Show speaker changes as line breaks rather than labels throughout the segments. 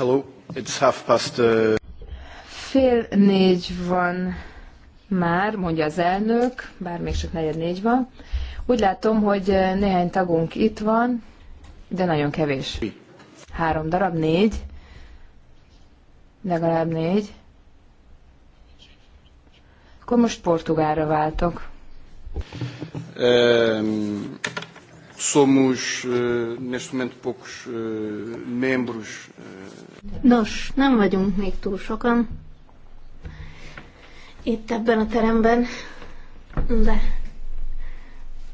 hello, it's half past... Uh...
Fél négy van már, mondja az elnök, bár még csak negyed négy van. Úgy látom, hogy uh, néhány tagunk itt van, de nagyon kevés. Három darab, négy. Legalább négy. Akkor most portugálra váltok.
Um, Somos, eh, neste momento, poucos eh, membros.
Eh. Nos, nem vagyunk még túl sokan itt ebben a teremben, de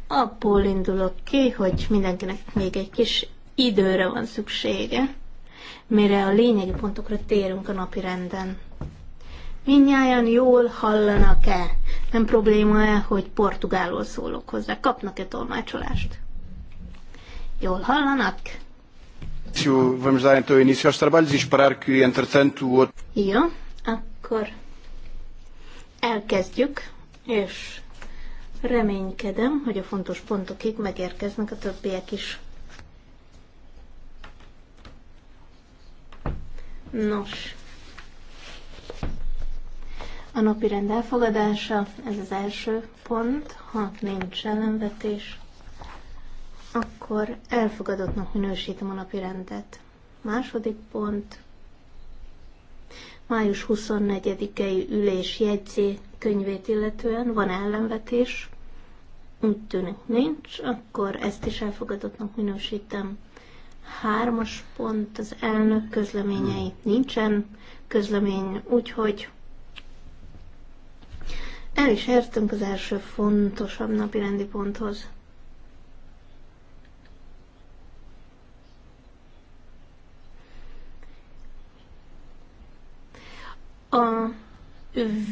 abból indulok ki, hogy mindenkinek még egy kis időre van szüksége, mire a lényegi pontokra térünk a napi renden. Minnyáján jól hallanak-e? Nem probléma-e, hogy portugálul szólok hozzá? Kapnak-e tolmácsolást? Jól hallanak?
Vamos dar então início aos trabalhos e esperar que, entretanto, o outro...
Jó, akkor elkezdjük, és reménykedem, hogy a fontos pontokig megérkeznek a többiek is. Nos, a napi rend elfogadása, ez az első pont, ha nincs ellenvetés, akkor elfogadottnak minősítem a napi rendet. Második pont, május 24-i ülés könyvét illetően van ellenvetés, úgy tűnik nincs, akkor ezt is elfogadottnak minősítem. Hármas pont, az elnök közleményei nincsen közlemény, úgyhogy el is értünk az első fontosabb napi rendi ponthoz. A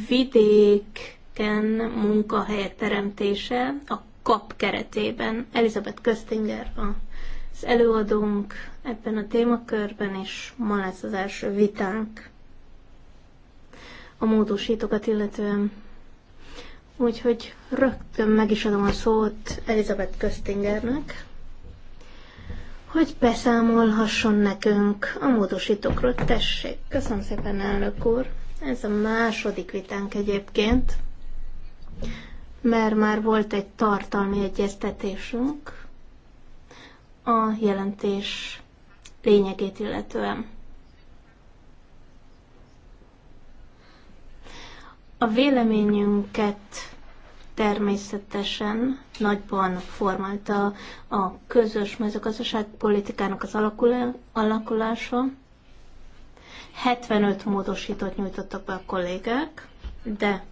vidéken munkahelyek teremtése a KAP keretében. Elizabeth Köstinger az előadónk ebben a témakörben, és ma lesz az első vitánk a módosítókat illetően. Úgyhogy rögtön meg is adom a szót Elizabeth Köstingernek, hogy beszámolhasson nekünk a módosítókról. Tessék, köszönöm szépen, elnök úr! Ez a második vitánk egyébként, mert már volt egy tartalmi egyeztetésünk a jelentés lényegét illetően. A véleményünket természetesen nagyban formálta a közös mezőgazdaságpolitikának az alakulása, 75 módosítót nyújtottak be a kollégák, de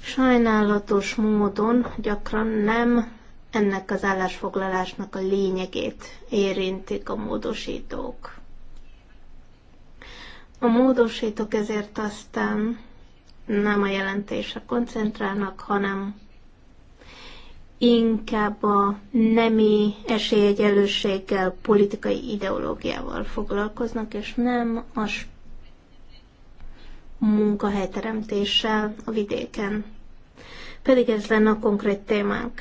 sajnálatos módon gyakran nem ennek az állásfoglalásnak a lényegét érintik a módosítók. A módosítók ezért aztán nem a jelentésre koncentrálnak, hanem inkább a nemi esélyegyelősséggel, politikai ideológiával foglalkoznak, és nem a munkahelyteremtéssel a vidéken. Pedig ez lenne a konkrét témánk.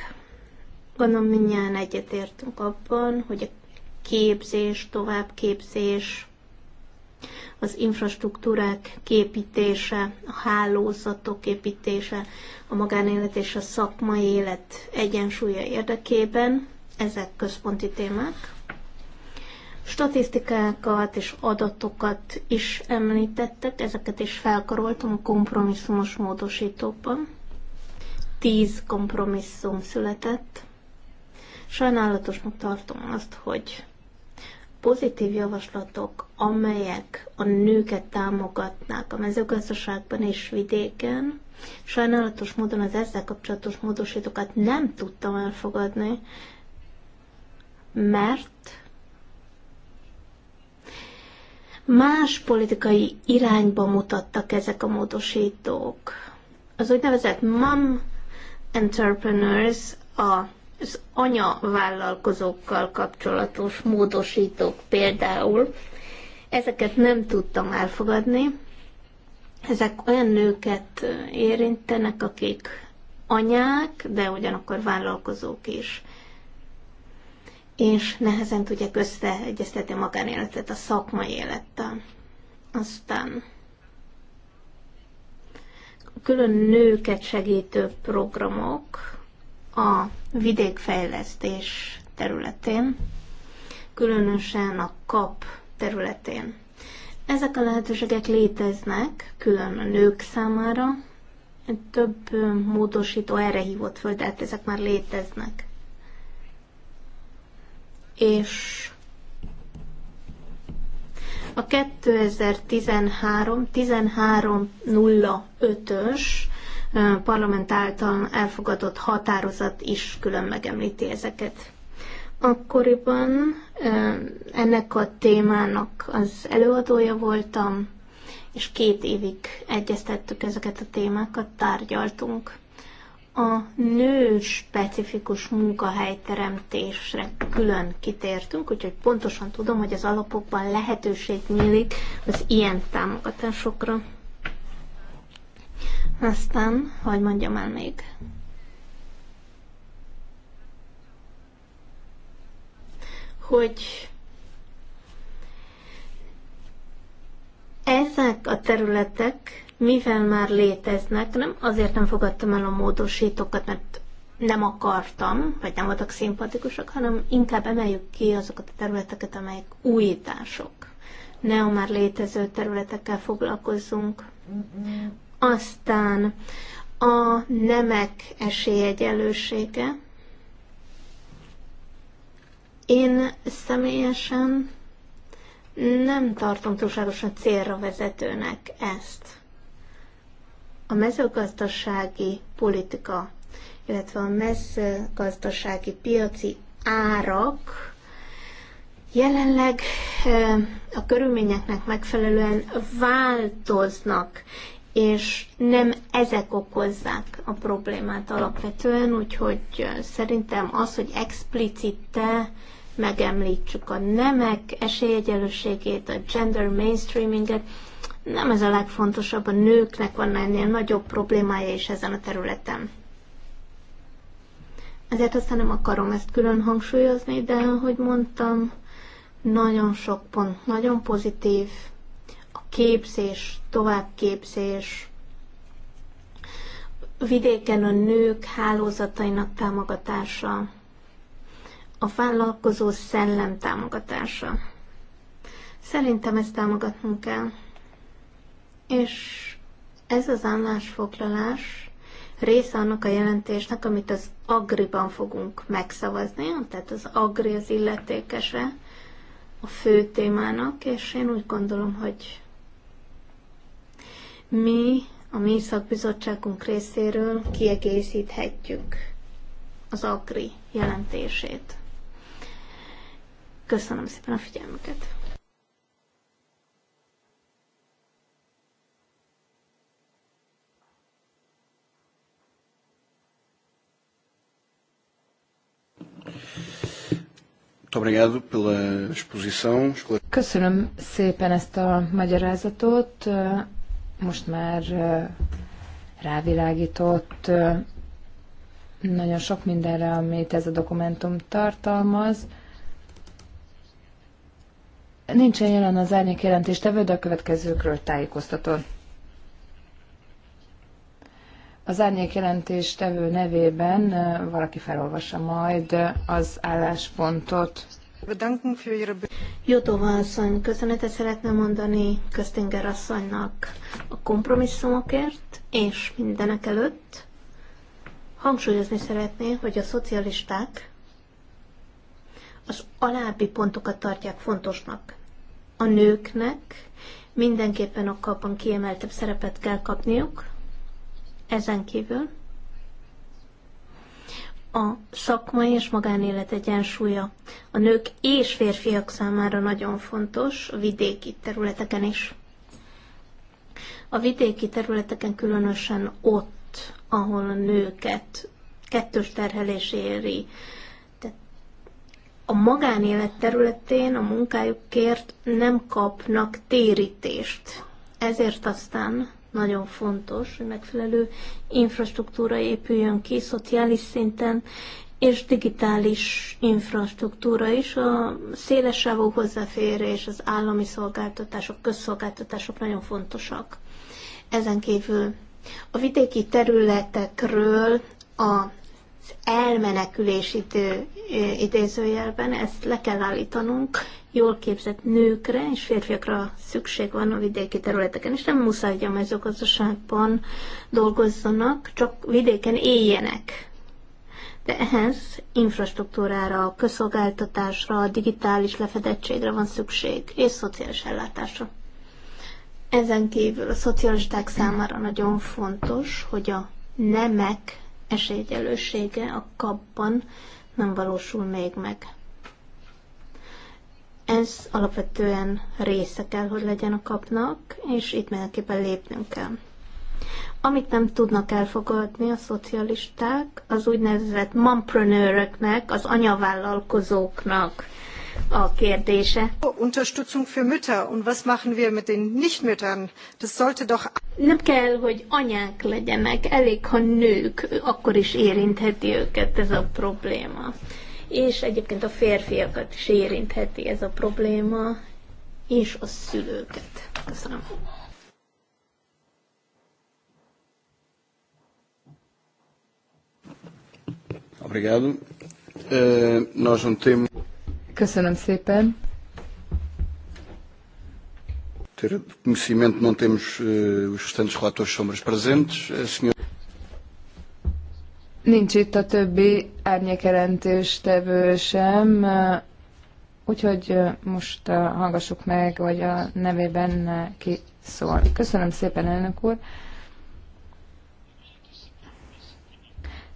Gondolom mindjárt egyetértünk abban, hogy a képzés, továbbképzés, az infrastruktúrák képítése, a hálózatok építése, a magánélet és a szakmai élet egyensúlya érdekében, ezek központi témák. Statisztikákat és adatokat is említettek, ezeket is felkaroltam a kompromisszumos módosítóban. Tíz kompromisszum született. Sajnálatosnak tartom azt, hogy pozitív javaslatok, amelyek a nőket támogatnák a mezőgazdaságban és vidéken, sajnálatos módon az ezzel kapcsolatos módosítókat nem tudtam elfogadni, mert más politikai irányba mutattak ezek a módosítók. Az úgynevezett mom entrepreneurs, a az anyavállalkozókkal kapcsolatos módosítók például. Ezeket nem tudtam elfogadni. Ezek olyan nőket érintenek, akik anyák, de ugyanakkor vállalkozók is. És nehezen tudják összeegyeztetni a magánéletet a szakmai élettel. Aztán külön nőket segítő programok a vidékfejlesztés területén, különösen a kap területén. Ezek a lehetőségek léteznek, külön a nők számára. Több módosító erre hívott föl, de hát ezek már léteznek. És a 2013-1305-ös parlament által elfogadott határozat is külön megemlíti ezeket. Akkoriban ennek a témának az előadója voltam, és két évig egyeztettük ezeket a témákat, tárgyaltunk. A nő specifikus munkahelyteremtésre külön kitértünk, úgyhogy pontosan tudom, hogy az alapokban lehetőség nyílik az ilyen támogatásokra. Aztán, hogy mondjam el még? Hogy ezek a területek, mivel már léteznek, nem azért nem fogadtam el a módosítókat, mert nem akartam, vagy nem voltak szimpatikusak, hanem inkább emeljük ki azokat a területeket, amelyek újítások. Ne a már létező területekkel foglalkozzunk. Aztán a nemek esélyegyenlősége. Én személyesen nem tartom túlságosan célra vezetőnek ezt. A mezőgazdasági politika, illetve a mezőgazdasági piaci árak jelenleg a körülményeknek megfelelően változnak, és nem ezek okozzák a problémát alapvetően, úgyhogy szerintem az, hogy explicite megemlítsük a nemek esélyegyelőségét, a gender mainstreaminget, nem ez a legfontosabb, a nőknek van ennél nagyobb problémája is ezen a területen. Ezért aztán nem akarom ezt külön hangsúlyozni, de ahogy mondtam, nagyon sok pont, nagyon pozitív, képzés, továbbképzés, vidéken a nők hálózatainak támogatása, a vállalkozó szellem támogatása. Szerintem ezt támogatnunk kell. És ez az állásfoglalás része annak a jelentésnek, amit az Agriban fogunk megszavazni, tehát az Agri az illetékese a fő témának, és én úgy gondolom, hogy mi a mi szakbizottságunk részéről kiegészíthetjük az AGRI jelentését. Köszönöm szépen a figyelmüket!
Köszönöm szépen ezt a magyarázatot most már rávilágított nagyon sok mindenre, amit ez a dokumentum tartalmaz. Nincsen jelen az árnyék jelentéstevő, de a következőkről tájékoztató. Az árnyék jelentéstevő nevében valaki felolvassa
majd az álláspontot. Jodova asszony, köszönetet szeretne mondani Köztinger asszonynak a kompromisszumokért, és mindenek előtt hangsúlyozni szeretné, hogy a szocialisták az alábbi pontokat tartják fontosnak. A nőknek mindenképpen a kapban kiemeltebb szerepet kell kapniuk, ezen kívül a szakmai és magánélet egyensúlya a nők és férfiak számára nagyon fontos, a vidéki területeken is. A vidéki területeken különösen ott, ahol a nőket kettős terhelés éri, a magánélet területén a munkájukért nem kapnak térítést. Ezért aztán nagyon fontos, hogy megfelelő infrastruktúra épüljön ki szociális szinten, és digitális infrastruktúra is, a szélesávú hozzáférés, az állami szolgáltatások, közszolgáltatások nagyon fontosak. Ezen kívül a vidéki területekről a elmenekülés idő, idézőjelben, ezt le kell állítanunk, jól képzett nőkre és férfiakra szükség van a vidéki területeken, és nem muszáj, hogy a mezőgazdaságban dolgozzanak, csak vidéken éljenek. De ehhez infrastruktúrára, közszolgáltatásra, digitális lefedettségre van szükség, és szociális ellátásra. Ezen kívül a szocialisták számára nagyon fontos, hogy a nemek esélyegyelősége a kapban nem valósul még meg. Ez alapvetően része kell, hogy legyen a kapnak, és itt mindenképpen lépnünk kell. Amit nem tudnak elfogadni a szocialisták, az úgynevezett mamprenőröknek, az anyavállalkozóknak a kérdése. Unterstützung für Mütter und was machen wir mit den Nichtmüttern? Das sollte doch... Nem kell, hogy anyák legyenek, elég, ha nők, akkor is érintheti őket ez a probléma. És egyébként a férfiakat is érintheti ez a probléma, és a szülőket. Köszönöm.
Obrigado. Uh, nós não temos.
Köszönöm szépen.
Ter conhecimento, não temos uh, os restantes relatores sombras presentes. A eh, senhora...
Nincs itt a többi árnyékelentős tevő sem, eh, úgyhogy most hallgassuk meg, hogy a nevében ki szól. Köszönöm szépen, elnök úr.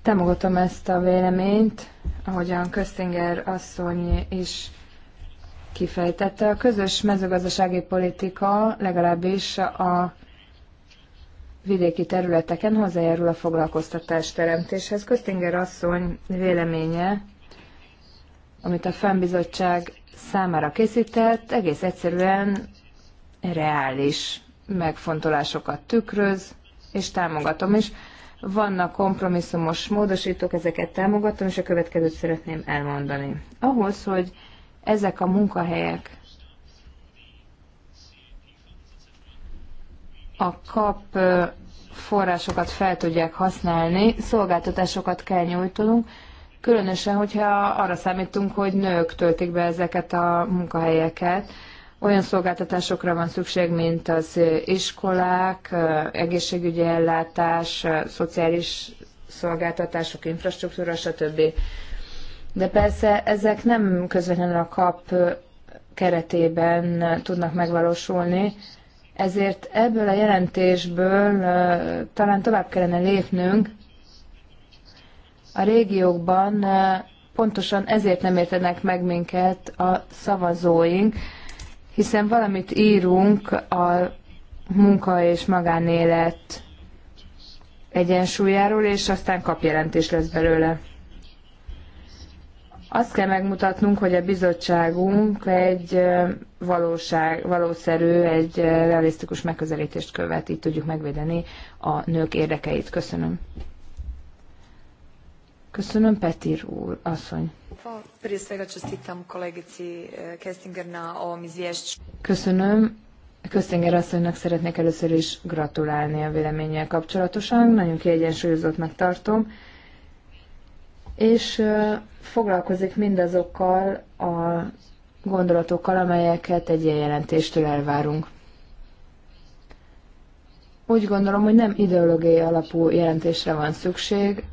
Támogatom ezt a véleményt, ahogyan Köztinger asszony is kifejtette. A közös mezőgazdasági politika legalábbis a vidéki területeken hozzájárul a foglalkoztatás teremtéshez. Köztinger asszony véleménye, amit a fennbizottság számára készített, egész egyszerűen reális megfontolásokat tükröz, és támogatom is. Vannak kompromisszumos módosítók, ezeket támogatom, és a következőt szeretném elmondani. Ahhoz, hogy ezek a munkahelyek a kap forrásokat fel tudják használni, szolgáltatásokat kell nyújtanunk, különösen, hogyha arra számítunk, hogy nők töltik be ezeket a munkahelyeket olyan szolgáltatásokra van szükség, mint az iskolák, egészségügyi ellátás, szociális szolgáltatások, infrastruktúra, stb. De persze ezek nem közvetlenül a kap keretében tudnak megvalósulni, ezért ebből a jelentésből talán tovább kellene lépnünk. A régiókban pontosan ezért nem értenek meg minket a szavazóink, hiszen valamit írunk a munka és magánélet egyensúlyáról, és aztán kapjelentés lesz belőle. Azt kell megmutatnunk, hogy a bizottságunk egy valóság, valószerű, egy realisztikus megközelítést követ, így tudjuk megvédeni a nők érdekeit. Köszönöm. Köszönöm, Petir úr, asszony. Eh, Köszönöm. Köztinger asszonynak szeretnék először is gratulálni a véleménnyel kapcsolatosan. Nagyon kiegyensúlyozottnak tartom. És eh, foglalkozik mindazokkal a gondolatokkal, amelyeket egy ilyen jelentéstől elvárunk. Úgy gondolom, hogy nem ideológiai alapú jelentésre van szükség,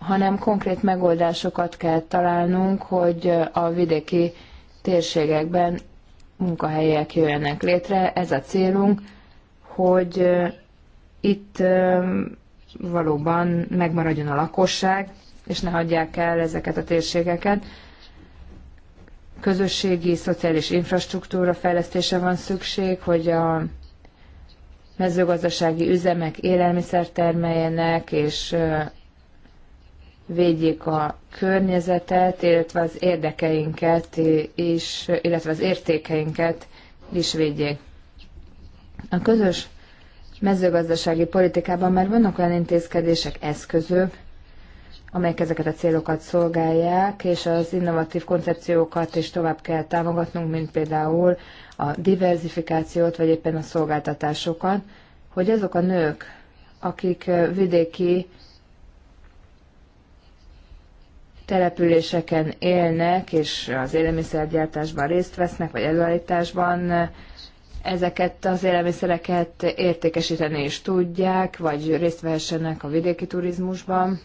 hanem konkrét megoldásokat kell találnunk, hogy a vidéki térségekben munkahelyek jöjjenek létre. Ez a célunk, hogy itt valóban megmaradjon a lakosság, és ne hagyják el ezeket a térségeket. Közösségi, szociális infrastruktúra fejlesztése van szükség, hogy a mezőgazdasági üzemek élelmiszer termeljenek, és védjék a környezetet, illetve az érdekeinket is, illetve az értékeinket is védjék. A közös mezőgazdasági politikában már vannak olyan intézkedések, eszközök, amelyek ezeket a célokat szolgálják, és az innovatív koncepciókat is tovább kell támogatnunk, mint például a diversifikációt, vagy éppen a szolgáltatásokat, hogy azok a nők, akik vidéki településeken élnek, és az élelmiszergyártásban részt vesznek, vagy előállításban, ezeket az élelmiszereket értékesíteni is tudják, vagy részt vehessenek a vidéki turizmusban,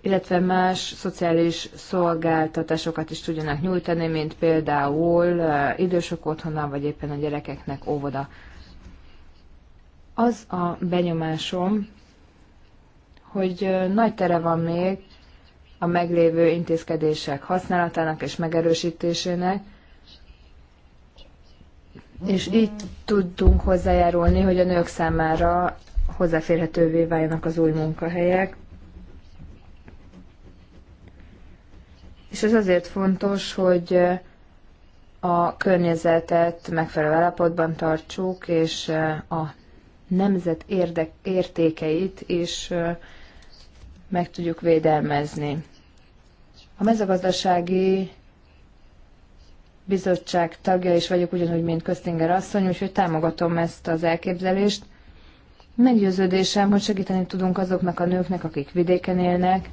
illetve más szociális szolgáltatásokat is tudjanak nyújtani, mint például idősök otthona, vagy éppen a gyerekeknek óvoda. Az a benyomásom, hogy nagy tere van még a meglévő intézkedések használatának és megerősítésének, és így tudtunk hozzájárulni, hogy a nők számára hozzáférhetővé váljanak az új munkahelyek. És ez azért fontos, hogy a környezetet megfelelő állapotban tartsuk, és a nemzet érdek, értékeit is meg tudjuk védelmezni. A mezőgazdasági bizottság tagja is vagyok, ugyanúgy, mint Köztinger asszony, úgyhogy támogatom ezt az elképzelést. Meggyőződésem, hogy segíteni tudunk azoknak a nőknek, akik vidéken élnek,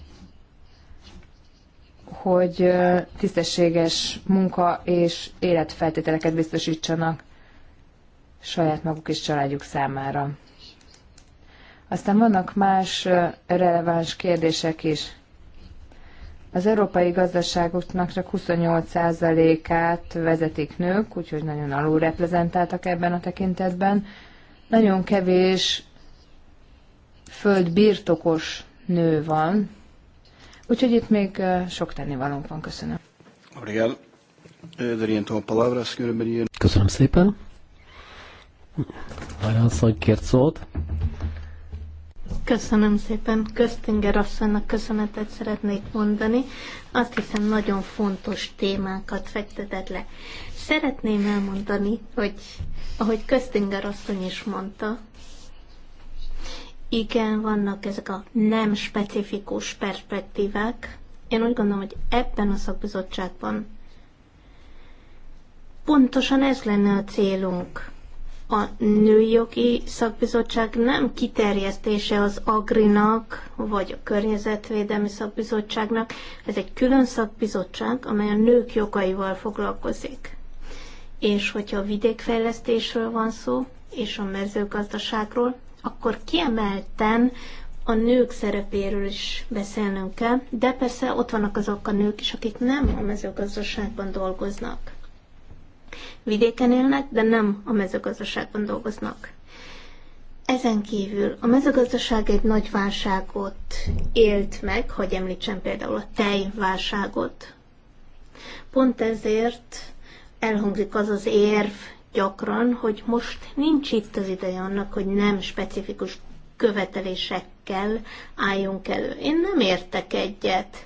hogy tisztességes munka és életfeltételeket biztosítsanak saját maguk és családjuk számára. Aztán vannak más releváns kérdések is. Az európai gazdaságoknak csak 28%-át vezetik nők, úgyhogy nagyon alulreprezentáltak ebben a tekintetben. Nagyon kevés földbirtokos nő van, úgyhogy itt még sok tennivalónk van. Köszönöm.
Köszönöm szépen. hogy kért szót.
Köszönöm szépen. Köztinger asszonynak köszönetet szeretnék mondani. Azt hiszem nagyon fontos témákat fektetett le. Szeretném elmondani, hogy ahogy Köztinger asszony is mondta, igen, vannak ezek a nem specifikus perspektívák. Én úgy gondolom, hogy ebben a szakbizottságban pontosan ez lenne a célunk a nőjogi szakbizottság nem kiterjesztése az Agrinak, vagy a Környezetvédelmi Szakbizottságnak. Ez egy külön szakbizottság, amely a nők jogaival foglalkozik. És hogyha a vidékfejlesztésről van szó, és a mezőgazdaságról, akkor kiemelten a nők szerepéről is beszélnünk kell, de persze ott vannak azok a nők is, akik nem a mezőgazdaságban dolgoznak. Vidéken élnek, de nem a mezőgazdaságban dolgoznak. Ezen kívül a mezőgazdaság egy nagy válságot élt meg, hogy említsem például a tejválságot. Pont ezért elhangzik az az érv gyakran, hogy most nincs itt az ideje annak, hogy nem specifikus követelésekkel álljunk elő. Én nem értek egyet.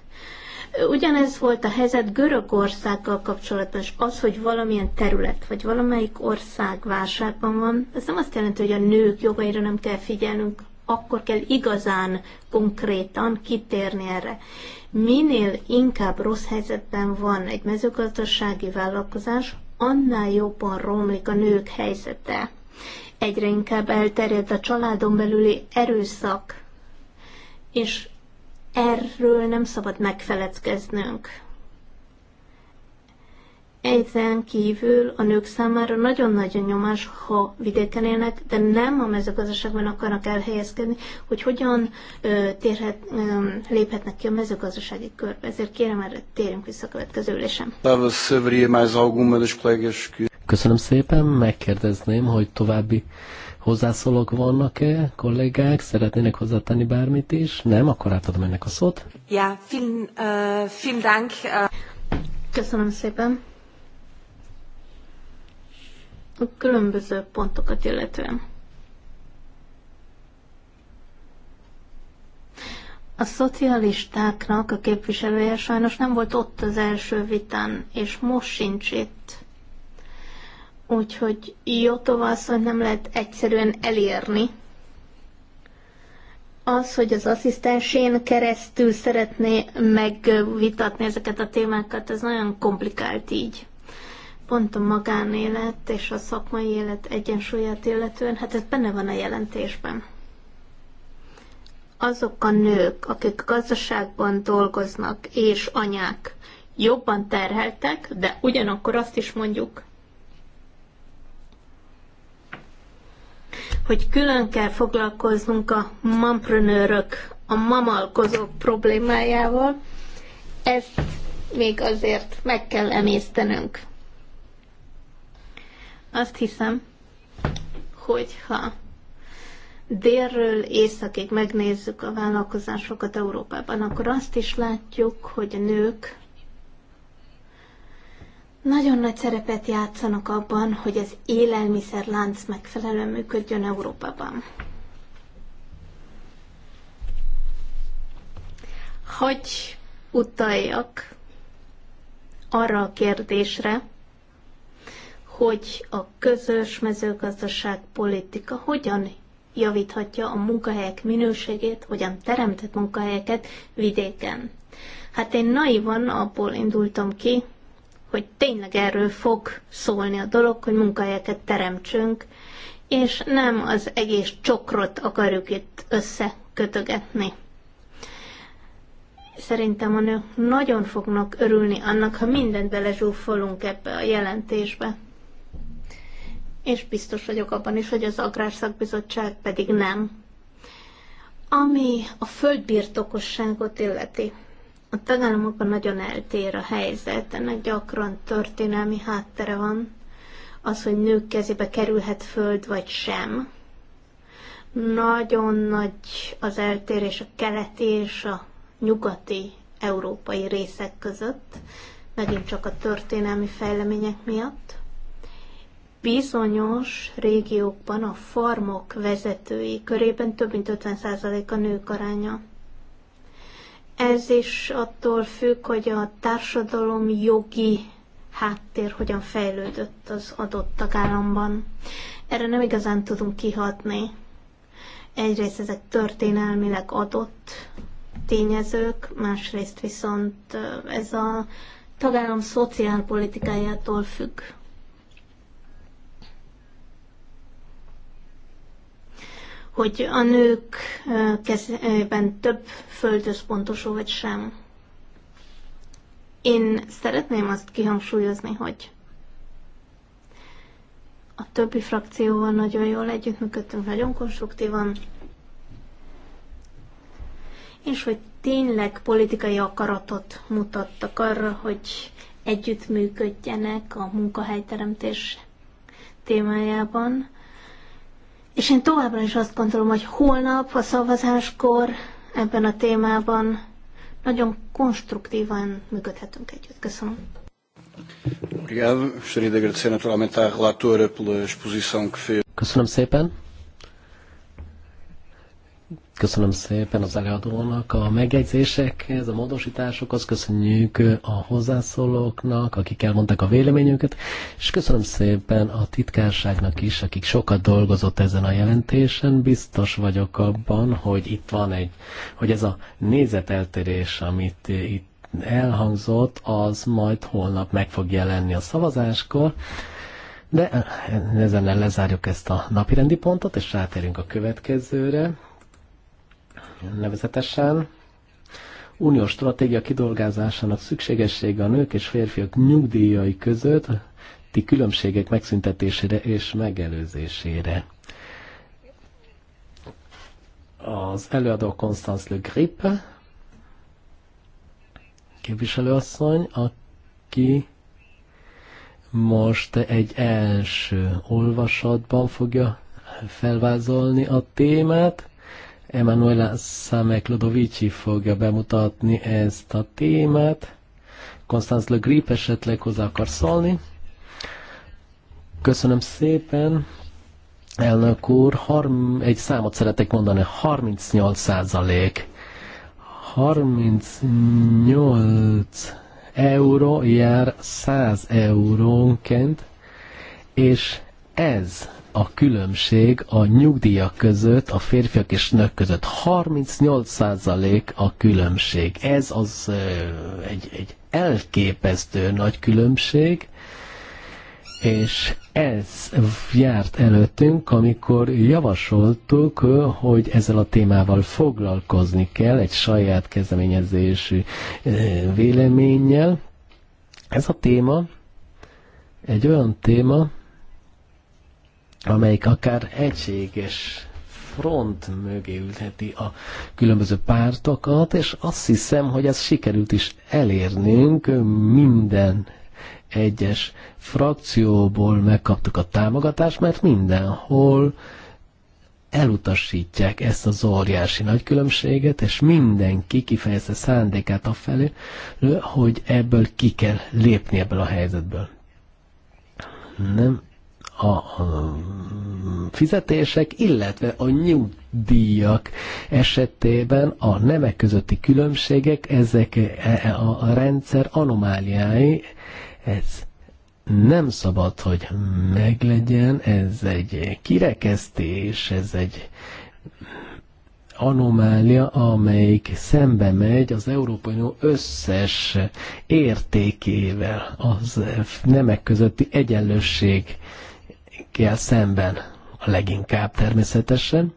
Ugyanez volt a helyzet Görögországgal kapcsolatban, és az, hogy valamilyen terület, vagy valamelyik ország válságban van, ez nem azt jelenti, hogy a nők jogaira nem kell figyelnünk, akkor kell igazán konkrétan kitérni erre. Minél inkább rossz helyzetben van egy mezőgazdasági vállalkozás, annál jobban romlik a nők helyzete. Egyre inkább elterjedt a családon belüli erőszak, és Erről nem szabad megfeledkeznünk. Ezen kívül a nők számára nagyon-nagyon nyomás, ha vidéken élnek, de nem a mezőgazdaságban akarnak elhelyezkedni, hogy hogyan ö, térhet, ö, léphetnek ki a mezőgazdasági körbe. Ezért kérem, erre térjünk vissza a következő ülésem.
Köszönöm szépen, megkérdezném, hogy további Hozzászólók vannak-e, kollégák? Szeretnének hozzátenni bármit is? Nem? Akkor átadom ennek a szót.
Ja, vielen, uh, vielen Dank. Uh... Köszönöm szépen. A különböző pontokat illetően. A szocialistáknak a képviselője sajnos nem volt ott az első vitán, és most sincs itt. Úgyhogy tovább, asszony nem lehet egyszerűen elérni. Az, hogy az asszisztensén keresztül szeretné megvitatni ezeket a témákat, ez nagyon komplikált így. Pont a magánélet és a szakmai élet egyensúlyát illetően, hát ez benne van a jelentésben azok a nők, akik gazdaságban dolgoznak és anyák jobban terheltek, de ugyanakkor azt is mondjuk, hogy külön kell foglalkoznunk a mamprönőrök, a mamalkozók problémájával. Ezt még azért meg kell emésztenünk. Azt hiszem, hogyha délről északig megnézzük a vállalkozásokat Európában, akkor azt is látjuk, hogy a nők nagyon nagy szerepet játszanak abban, hogy az élelmiszerlánc megfelelően működjön Európában. Hogy utaljak arra a kérdésre, hogy a közös mezőgazdaság politika hogyan javíthatja a munkahelyek minőségét, hogyan teremtett munkahelyeket vidéken. Hát én naivan abból indultam ki, hogy tényleg erről fog szólni a dolog, hogy munkahelyeket teremtsünk, és nem az egész csokrot akarjuk itt összekötögetni. Szerintem a nők nagyon fognak örülni annak, ha mindent belezsúfolunk ebbe a jelentésbe. És biztos vagyok abban is, hogy az Agrárszakbizottság pedig nem. Ami a földbirtokosságot illeti. A tagállamokban nagyon eltér a helyzet, ennek gyakran történelmi háttere van, az, hogy nők kezébe kerülhet föld vagy sem. Nagyon nagy az eltérés a keleti és a nyugati európai részek között, megint csak a történelmi fejlemények miatt. Bizonyos régiókban a farmok vezetői körében több mint 50% a nők aránya. Ez is attól függ, hogy a társadalom jogi háttér hogyan fejlődött az adott tagállamban. Erre nem igazán tudunk kihatni. Egyrészt ezek történelmileg adott tényezők, másrészt viszont ez a tagállam szociálpolitikájától függ. hogy a nők kezében több földös összpontosul, vagy sem. Én szeretném azt kihangsúlyozni, hogy a többi frakcióval nagyon jól együttműködtünk, nagyon konstruktívan, és hogy tényleg politikai akaratot mutattak arra, hogy együttműködjenek a munkahelyteremtés témájában, és én továbbra is azt gondolom, hogy holnap a szavazáskor ebben a témában nagyon konstruktívan működhetünk együtt. Köszönöm.
Obrigado. Gostaria de agradecer naturalmente à relatora pela exposição que fez.
Köszönöm szépen. Köszönöm szépen az előadónak a megjegyzésekhez, a módosításokhoz, köszönjük a hozzászólóknak, akik elmondták a véleményüket, és köszönöm szépen a titkárságnak is, akik sokat dolgozott ezen a jelentésen. Biztos vagyok abban, hogy itt van egy, hogy ez a nézeteltérés, amit itt elhangzott, az majd holnap meg fog jelenni a szavazáskor. De ezen lezárjuk ezt a napirendi pontot, és ráterünk a következőre nevezetesen uniós stratégia kidolgázásának szükségessége a nők és férfiak nyugdíjai között ti különbségek megszüntetésére és megelőzésére. Az előadó Constance Le Grip, képviselőasszony, aki most egy első olvasatban fogja felvázolni a témát. Emanuela Samek Ludovici fogja bemutatni ezt a témát. Konstanz Le Grip esetleg hozzá akar szólni. Köszönöm szépen. Elnök úr, harm, egy számot szeretek mondani, 38 százalék. 38 euró jár 100 eurónként, és ez a különbség a nyugdíjak között, a férfiak és nők között. 38% a különbség. Ez az egy, egy elképesztő nagy különbség, és ez járt előttünk, amikor javasoltuk, hogy ezzel a témával foglalkozni kell egy saját kezdeményezésű véleménnyel. Ez a téma egy olyan téma, amelyik akár egységes front mögé ülheti a különböző pártokat, és azt hiszem, hogy ez sikerült is elérnünk minden egyes frakcióból megkaptuk a támogatást, mert mindenhol elutasítják ezt az óriási nagy különbséget, és mindenki kifejezte szándékát a felé, hogy ebből ki kell lépni ebből a helyzetből. Nem a fizetések, illetve a nyugdíjak esetében a nemek közötti különbségek, ezek e, e, a rendszer anomáliái, ez nem szabad, hogy meglegyen, ez egy kirekesztés, ez egy anomália, amelyik szembe megy az Európai Unió összes értékével, az nemek közötti egyenlőség gyerekekkel szemben a leginkább természetesen.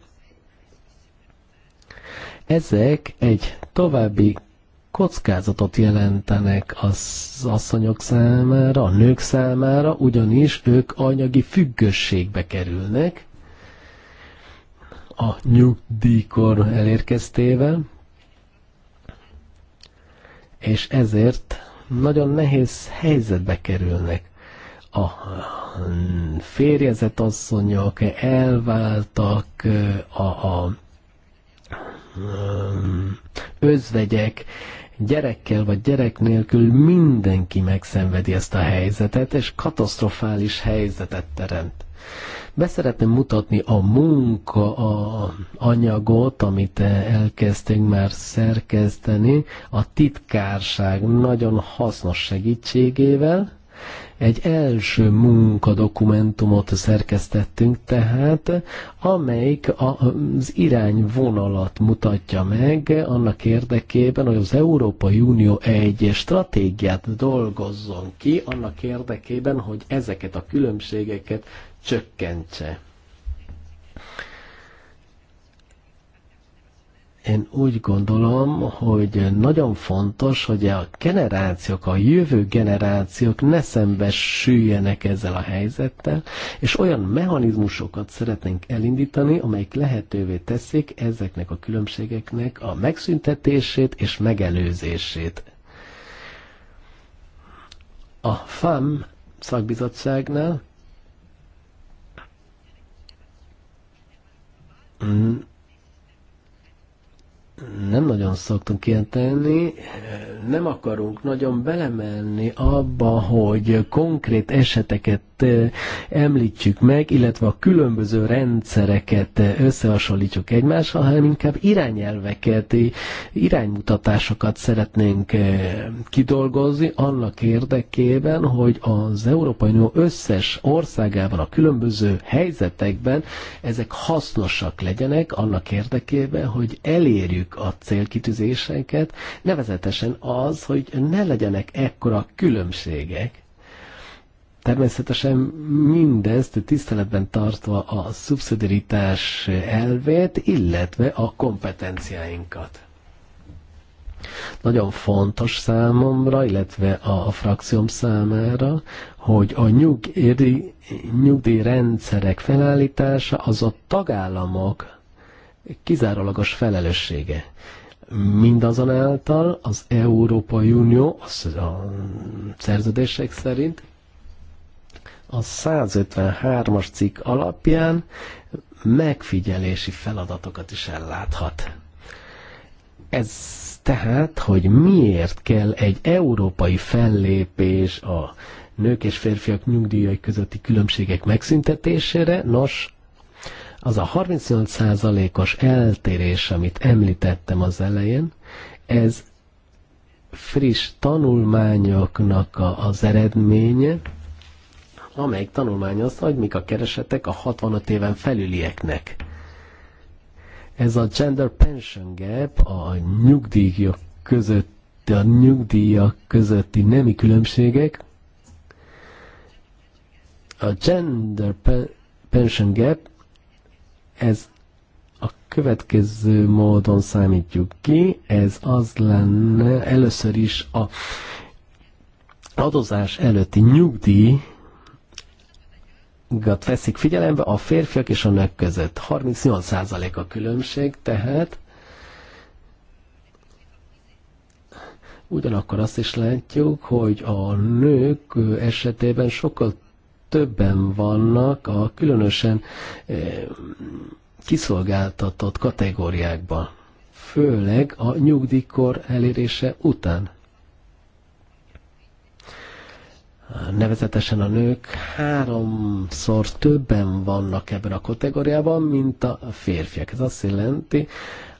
Ezek egy további kockázatot jelentenek az asszonyok számára, a nők számára, ugyanis ők anyagi függőségbe kerülnek a nyugdíjkor elérkeztével, és ezért nagyon nehéz helyzetbe kerülnek a férjezett asszonyok elváltak, a, a özvegyek, gyerekkel vagy gyerek nélkül mindenki megszenvedi ezt a helyzetet, és katasztrofális helyzetet teremt. Beszeretném mutatni a munka a anyagot, amit elkezdtünk már szerkeszteni, a titkárság nagyon hasznos segítségével. Egy első munkadokumentumot szerkesztettünk tehát, amelyik az irányvonalat mutatja meg annak érdekében, hogy az Európai Unió egy stratégiát dolgozzon ki annak érdekében, hogy ezeket a különbségeket csökkentse. én úgy gondolom, hogy nagyon fontos, hogy a generációk, a jövő generációk ne szembesüljenek ezzel a helyzettel, és olyan mechanizmusokat szeretnénk elindítani, amelyik lehetővé teszik ezeknek a különbségeknek a megszüntetését és megelőzését. A FAM szakbizottságnál nem nagyon szoktunk ilyen tenni, nem akarunk nagyon belemenni abba, hogy konkrét eseteket említjük meg, illetve a különböző rendszereket összehasonlítjuk egymással, hanem inkább irányelveket, iránymutatásokat szeretnénk kidolgozni annak érdekében, hogy az Európai Unió összes országában a különböző helyzetekben ezek hasznosak legyenek annak érdekében, hogy elérjük a célkitűzéseket, nevezetesen az, hogy ne legyenek ekkora különbségek Természetesen mindezt tiszteletben tartva a szubszidiaritás elvét, illetve a kompetenciáinkat. Nagyon fontos számomra, illetve a frakcióm számára, hogy a nyugdíjrendszerek felállítása az a tagállamok kizárólagos felelőssége. Mindazonáltal az Európai Unió a szerződések szerint a 153-as cikk alapján megfigyelési feladatokat is elláthat. Ez tehát, hogy miért kell egy európai fellépés a nők és férfiak nyugdíjai közötti különbségek megszüntetésére, nos, az a 38%-os eltérés, amit említettem az elején, ez friss tanulmányoknak a, az eredménye, amelyik tanulmányozta, hogy mik a keresetek a 65 éven felülieknek. Ez a gender pension gap, a nyugdíjak közötti, a nyugdíjak közötti nemi különbségek, a gender pension gap, ez a következő módon számítjuk ki, ez az lenne először is a adozás előtti nyugdíj gat veszik figyelembe a férfiak és a nők között. 38% a különbség, tehát ugyanakkor azt is látjuk, hogy a nők esetében sokkal többen vannak a különösen eh, kiszolgáltatott kategóriákban, főleg a nyugdíjkor elérése után. nevezetesen a nők háromszor többen vannak ebben a kategóriában, mint a férfiak. Ez azt jelenti,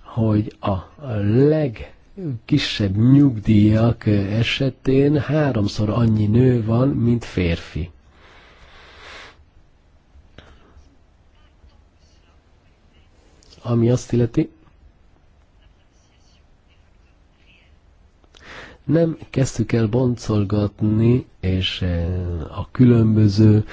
hogy a leg kisebb nyugdíjak esetén háromszor annyi nő van, mint férfi. Ami azt illeti, nem kezdtük el boncolgatni, és eh, a különböző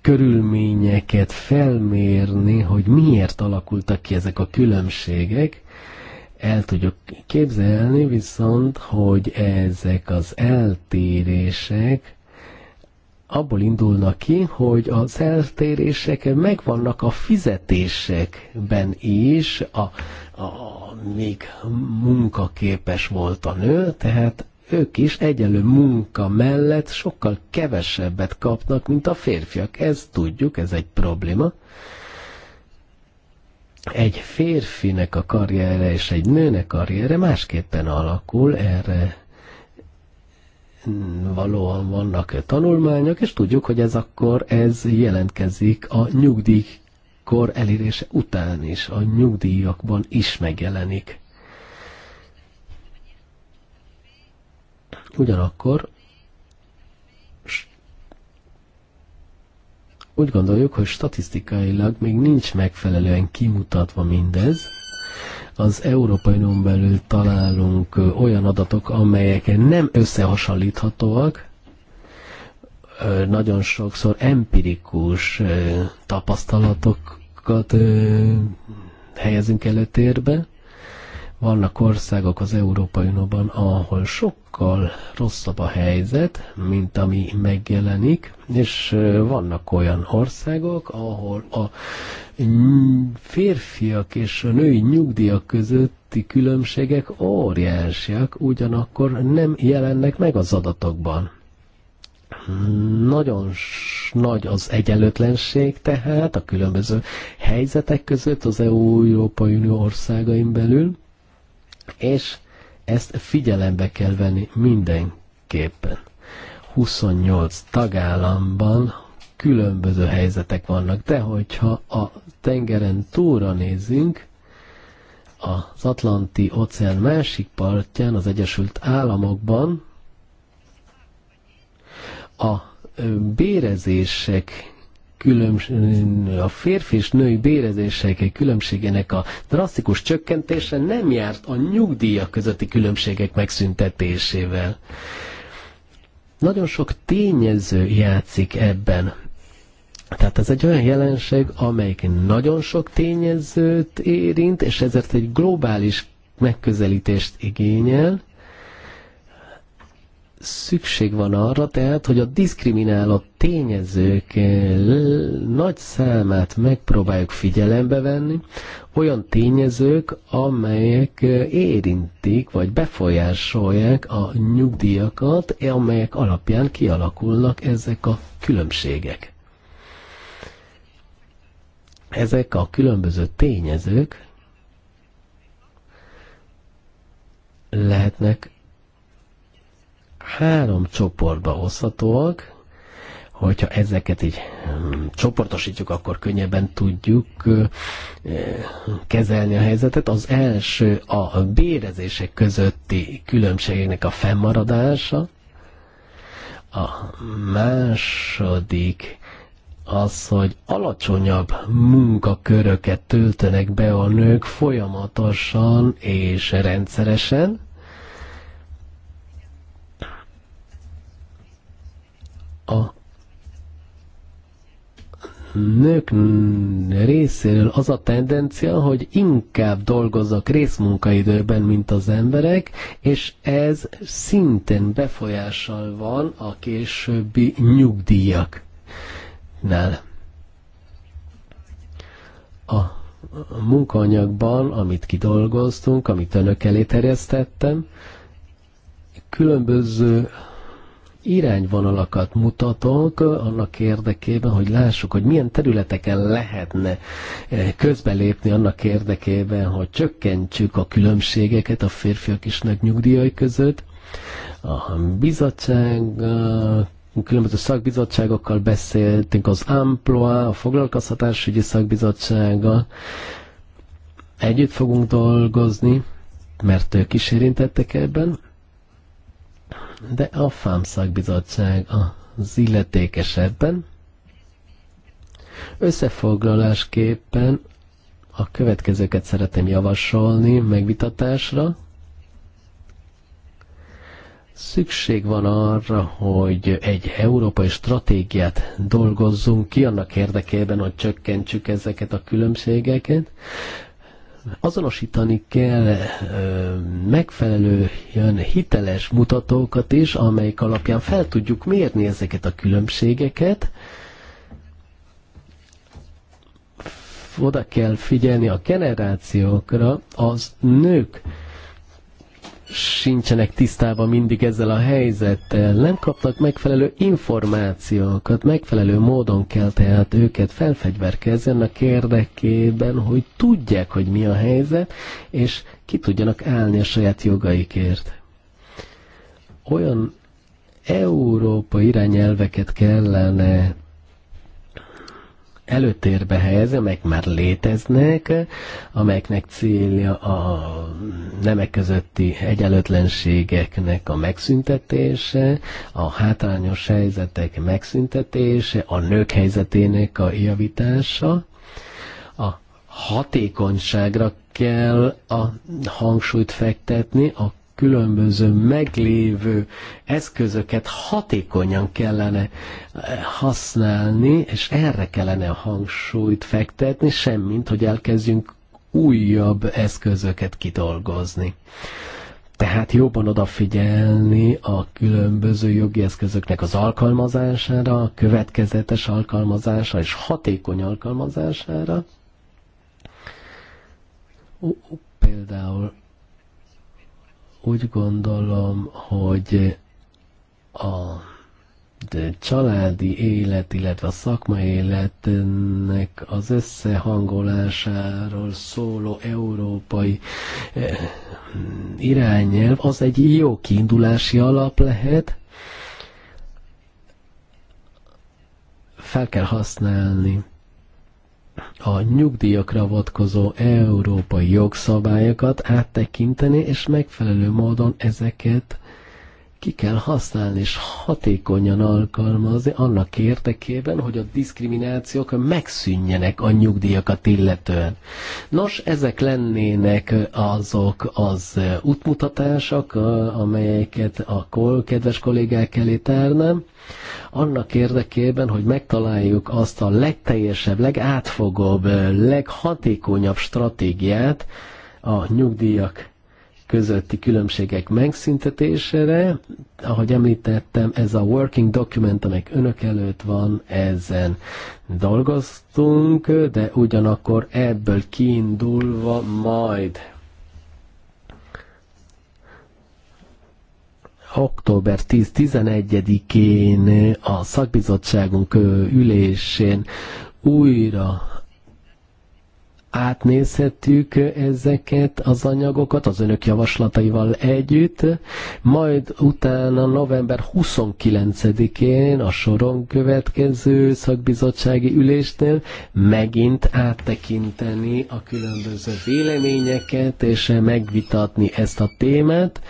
körülményeket felmérni, hogy miért alakultak ki ezek a különbségek, el tudjuk képzelni viszont, hogy ezek az eltérések abból indulnak ki, hogy az eltérések megvannak a fizetésekben is, a, a, még munkaképes volt a nő, tehát ők is egyenlő munka mellett sokkal kevesebbet kapnak, mint a férfiak. Ez tudjuk, ez egy probléma. Egy férfinek a karriere és egy nőnek karriere másképpen alakul, erre valóan vannak tanulmányok, és tudjuk, hogy ez akkor ez jelentkezik a nyugdíj kor elérése után is, a nyugdíjakban is megjelenik. Ugyanakkor úgy gondoljuk, hogy statisztikailag még nincs megfelelően kimutatva mindez. Az Európai Unión belül találunk olyan adatok, amelyek nem összehasonlíthatóak, nagyon sokszor empirikus tapasztalatok országokat helyezünk előtérbe. Vannak országok az Európai Unióban, ahol sokkal rosszabb a helyzet, mint ami megjelenik, és vannak olyan országok, ahol a férfiak és a női nyugdíjak közötti különbségek óriásiak, ugyanakkor nem jelennek meg az adatokban. Nagyon nagy az egyenlőtlenség tehát a különböző helyzetek között az e Európai Unió országain belül, és ezt figyelembe kell venni mindenképpen. 28 tagállamban különböző helyzetek vannak, de hogyha a tengeren túlra nézünk, az Atlanti óceán másik partján, az Egyesült Államokban a bérezések különbs, a férfi és női bérezések különbségének a drasztikus csökkentése nem járt a nyugdíjak közötti különbségek megszüntetésével. Nagyon sok tényező játszik ebben. Tehát ez egy olyan jelenség, amelyik nagyon sok tényezőt érint, és ezért egy globális megközelítést igényel, szükség van arra, tehát, hogy a diszkrimináló tényezők eh, nagy számát megpróbáljuk figyelembe venni, olyan tényezők, amelyek eh, érintik vagy befolyásolják a nyugdíjakat, eh, amelyek alapján kialakulnak ezek a különbségek. Ezek a különböző tényezők lehetnek három csoportba hozhatóak, hogyha ezeket így hm, csoportosítjuk, akkor könnyebben tudjuk kezelni a helyzetet. Az első a bérezések közötti különbségeknek a fennmaradása, a második az, hogy alacsonyabb munkaköröket töltenek be a nők folyamatosan és rendszeresen, a nők részéről az a tendencia, hogy inkább dolgoznak részmunkaidőben, mint az emberek, és ez szintén befolyással van a későbbi nyugdíjaknál. A munkanyagban, amit kidolgoztunk, amit önök elé terjesztettem, különböző irányvonalakat mutatok annak érdekében, hogy lássuk, hogy milyen területeken lehetne eh, közbelépni annak érdekében, hogy csökkentsük a különbségeket a férfiak és nők nyugdíjai között. A bizottság különböző szakbizottságokkal beszéltünk, az Amploa, a foglalkoztatásügyi szakbizottsága. Együtt fogunk dolgozni, mert ők is érintettek ebben de a FAM szakbizottság az illetékesebben. Összefoglalásképpen a következőket szeretném javasolni megvitatásra. Szükség van arra, hogy egy európai stratégiát dolgozzunk ki annak érdekében, hogy csökkentsük ezeket a különbségeket azonosítani kell megfelelő jön hiteles mutatókat is, amelyik alapján fel tudjuk mérni ezeket a különbségeket. Oda kell figyelni a generációkra, az nők sincsenek tisztában mindig ezzel a helyzettel, nem kaptak megfelelő információkat, megfelelő módon kell tehát őket felfegyverkezni annak érdekében, hogy tudják, hogy mi a helyzet, és ki tudjanak állni a saját jogaikért. Olyan Európa irányelveket kellene előtérbe helyez, amelyek már léteznek, amelyeknek célja a nemek közötti egyenlőtlenségeknek a megszüntetése, a hátrányos helyzetek megszüntetése, a nők helyzetének a javítása, a hatékonyságra kell a hangsúlyt fektetni, a különböző meglévő eszközöket hatékonyan kellene eh, használni, és erre kellene a hangsúlyt fektetni, semmint, hogy elkezdjünk újabb eszközöket kidolgozni. Tehát jobban odafigyelni a különböző jogi eszközöknek az alkalmazására, a következetes alkalmazására és hatékony alkalmazására. Például úgy gondolom, hogy a de családi élet, illetve a szakmai életnek az összehangolásáról szóló európai eh, irányelv az egy jó kiindulási alap lehet. Fel kell használni a nyugdíjakra vonatkozó európai jogszabályokat áttekinteni, és megfelelő módon ezeket ki kell használni és hatékonyan alkalmazni annak érdekében, hogy a diszkriminációk megszűnjenek a nyugdíjakat illetően. Nos, ezek lennének azok az útmutatások, amelyeket a kedves kollégák elé tárnám, annak érdekében, hogy megtaláljuk azt a legteljesebb, legátfogóbb, leghatékonyabb stratégiát a nyugdíjak közötti különbségek megszüntetésére. Ahogy említettem, ez a working document, amely önök előtt van, ezen dolgoztunk, de ugyanakkor ebből kiindulva majd október 10-11-én a szakbizottságunk ülésén újra átnézhetjük ezeket az anyagokat az önök javaslataival együtt, majd utána november 29-én a soron következő szakbizottsági ülésnél megint áttekinteni a különböző véleményeket és megvitatni ezt a témát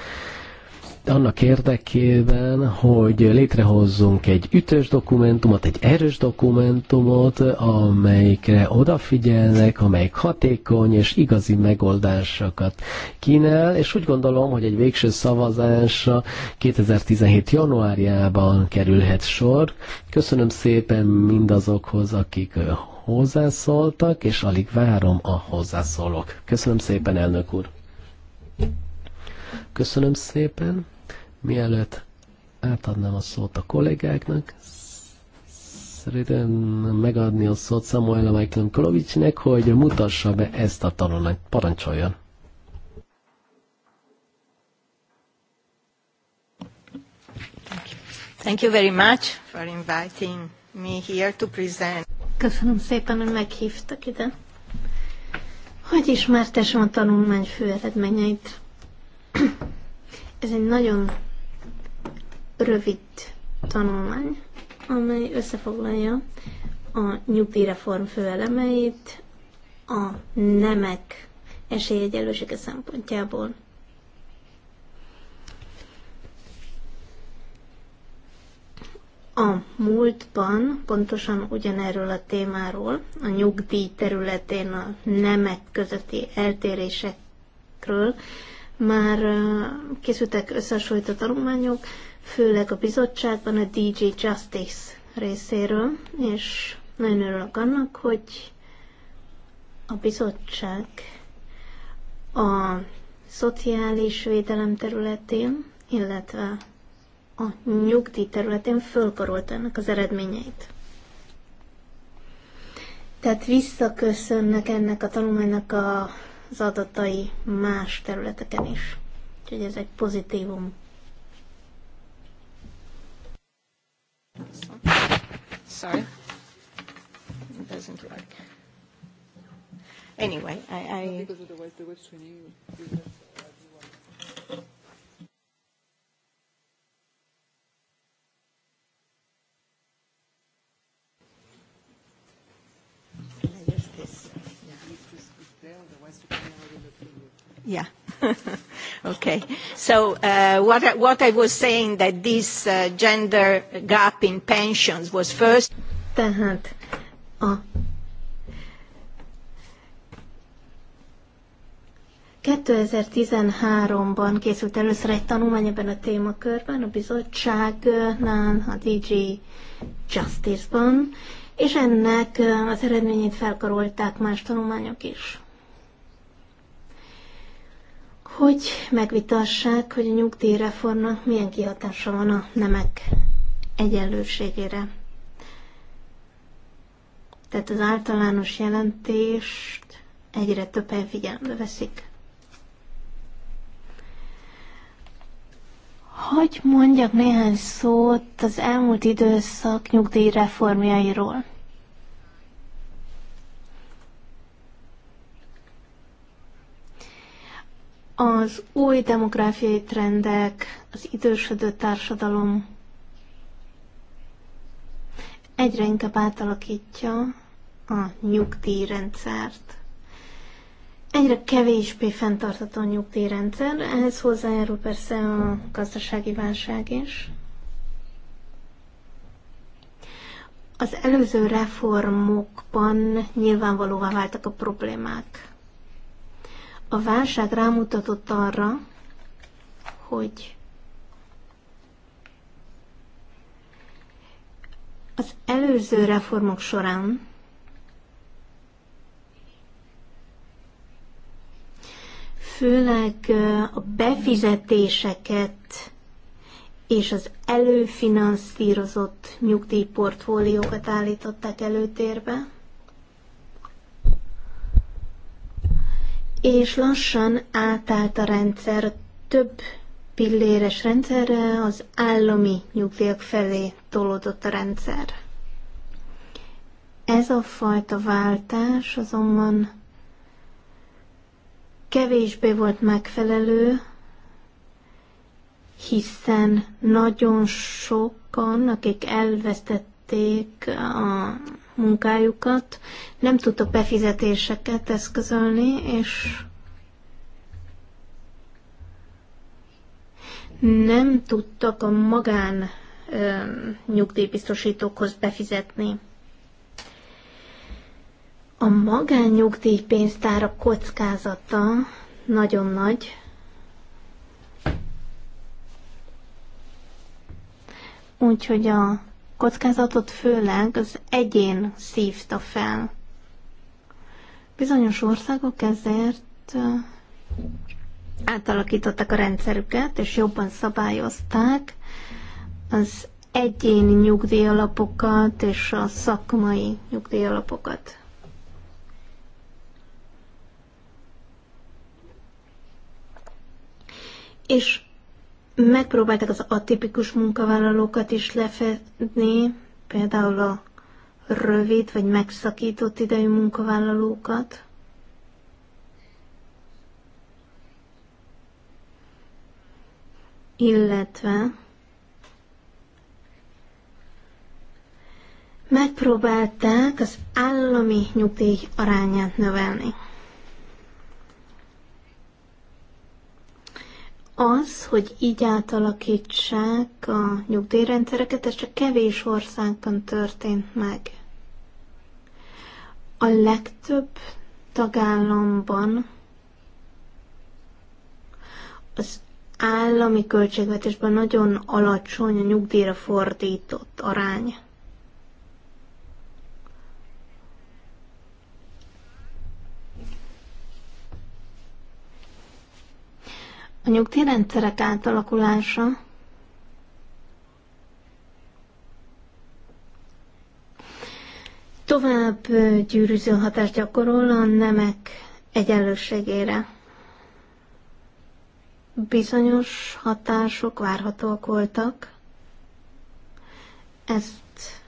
annak érdekében, hogy létrehozzunk egy ütős dokumentumot, egy erős dokumentumot, amelyikre odafigyelnek, amelyik hatékony és igazi megoldásokat kínál, és úgy gondolom, hogy egy végső szavazásra 2017. januárjában kerülhet sor. Köszönöm szépen mindazokhoz, akik hozzászóltak, és alig várom a hozzászólók. Köszönöm szépen, elnök úr! Köszönöm szépen! Mielőtt átadnám a szót a kollégáknak, szerintem megadni a szót Samuel Michael Kolovicsnek, hogy mutassa be ezt a tanulmányt. Parancsoljon!
Thank you very much for inviting me here to present.
Köszönöm szépen, hogy meghívtak ide. Hogy ismertesem a tanulmány fő eredményeit? Ez egy nagyon rövid tanulmány, amely összefoglalja a nyugdíjreform főelemeit a nemek esélyegyenlősége szempontjából. A múltban pontosan ugyanerről a témáról, a nyugdíj területén a nemek közötti eltérésekről már eh, készültek összehasonlító tanulmányok, főleg a bizottságban a DJ Justice részéről, és nagyon örülök annak, hogy a bizottság a szociális védelem területén, illetve a nyugdíj területén fölkarolt ennek az eredményeit. Tehát visszaköszönnek ennek a tanulmánynak az adatai más területeken is. Úgyhogy ez egy pozitívum. Sorry. It doesn't work.
Anyway, I... I because
otherwise the web streaming...
Yeah. okay. So uh, what, I, what I was saying that this uh, gender gap in
pensions was first. Tehát a 2013-ban készült először egy tanulmány ebben a témakörben, a bizottságnál, a DG Justice-ban, és ennek uh, az eredményét felkarolták más tanulmányok is hogy megvitassák, hogy a nyugdíjreformnak milyen kihatása van a nemek egyenlőségére. Tehát az általános jelentést egyre több figyelembe veszik. Hogy mondjak néhány szót az elmúlt időszak nyugdíjreformjairól? Az új demográfiai trendek, az idősödő társadalom egyre inkább átalakítja a nyugdíjrendszert. Egyre kevésbé fenntartható a nyugdíjrendszer, ehhez hozzájárul persze a gazdasági válság is. Az előző reformokban nyilvánvalóvá váltak a problémák. A válság rámutatott arra, hogy az előző reformok során főleg a befizetéseket és az előfinanszírozott nyugdíjportfóliókat állították előtérbe. és lassan átállt a rendszer több pilléres rendszerre, az állami nyugdíjak felé tolódott a rendszer. Ez a fajta váltás azonban kevésbé volt megfelelő, hiszen nagyon sokan, akik elvesztették a munkájukat, nem tudtak befizetéseket eszközölni, és nem tudtak a magán ö, nyugdíjbiztosítókhoz befizetni. A nyugdíjpénztára kockázata nagyon nagy. Úgyhogy a kockázatot főleg az egyén szívta fel. Bizonyos országok ezért átalakították a rendszerüket, és jobban szabályozták az egyéni nyugdíjalapokat és a szakmai nyugdíjalapokat. És Megpróbáltak az atipikus munkavállalókat is lefedni, például a rövid vagy megszakított idejű munkavállalókat. Illetve megpróbálták az állami nyugdíj arányát növelni. az, hogy így átalakítsák a nyugdíjrendszereket, ez csak kevés országban történt meg. A legtöbb tagállamban az állami költségvetésben nagyon alacsony a nyugdíjra fordított arány. A rendszerek átalakulása tovább gyűrűző hatást gyakorol a nemek egyenlőségére. Bizonyos hatások várhatóak voltak. Ezt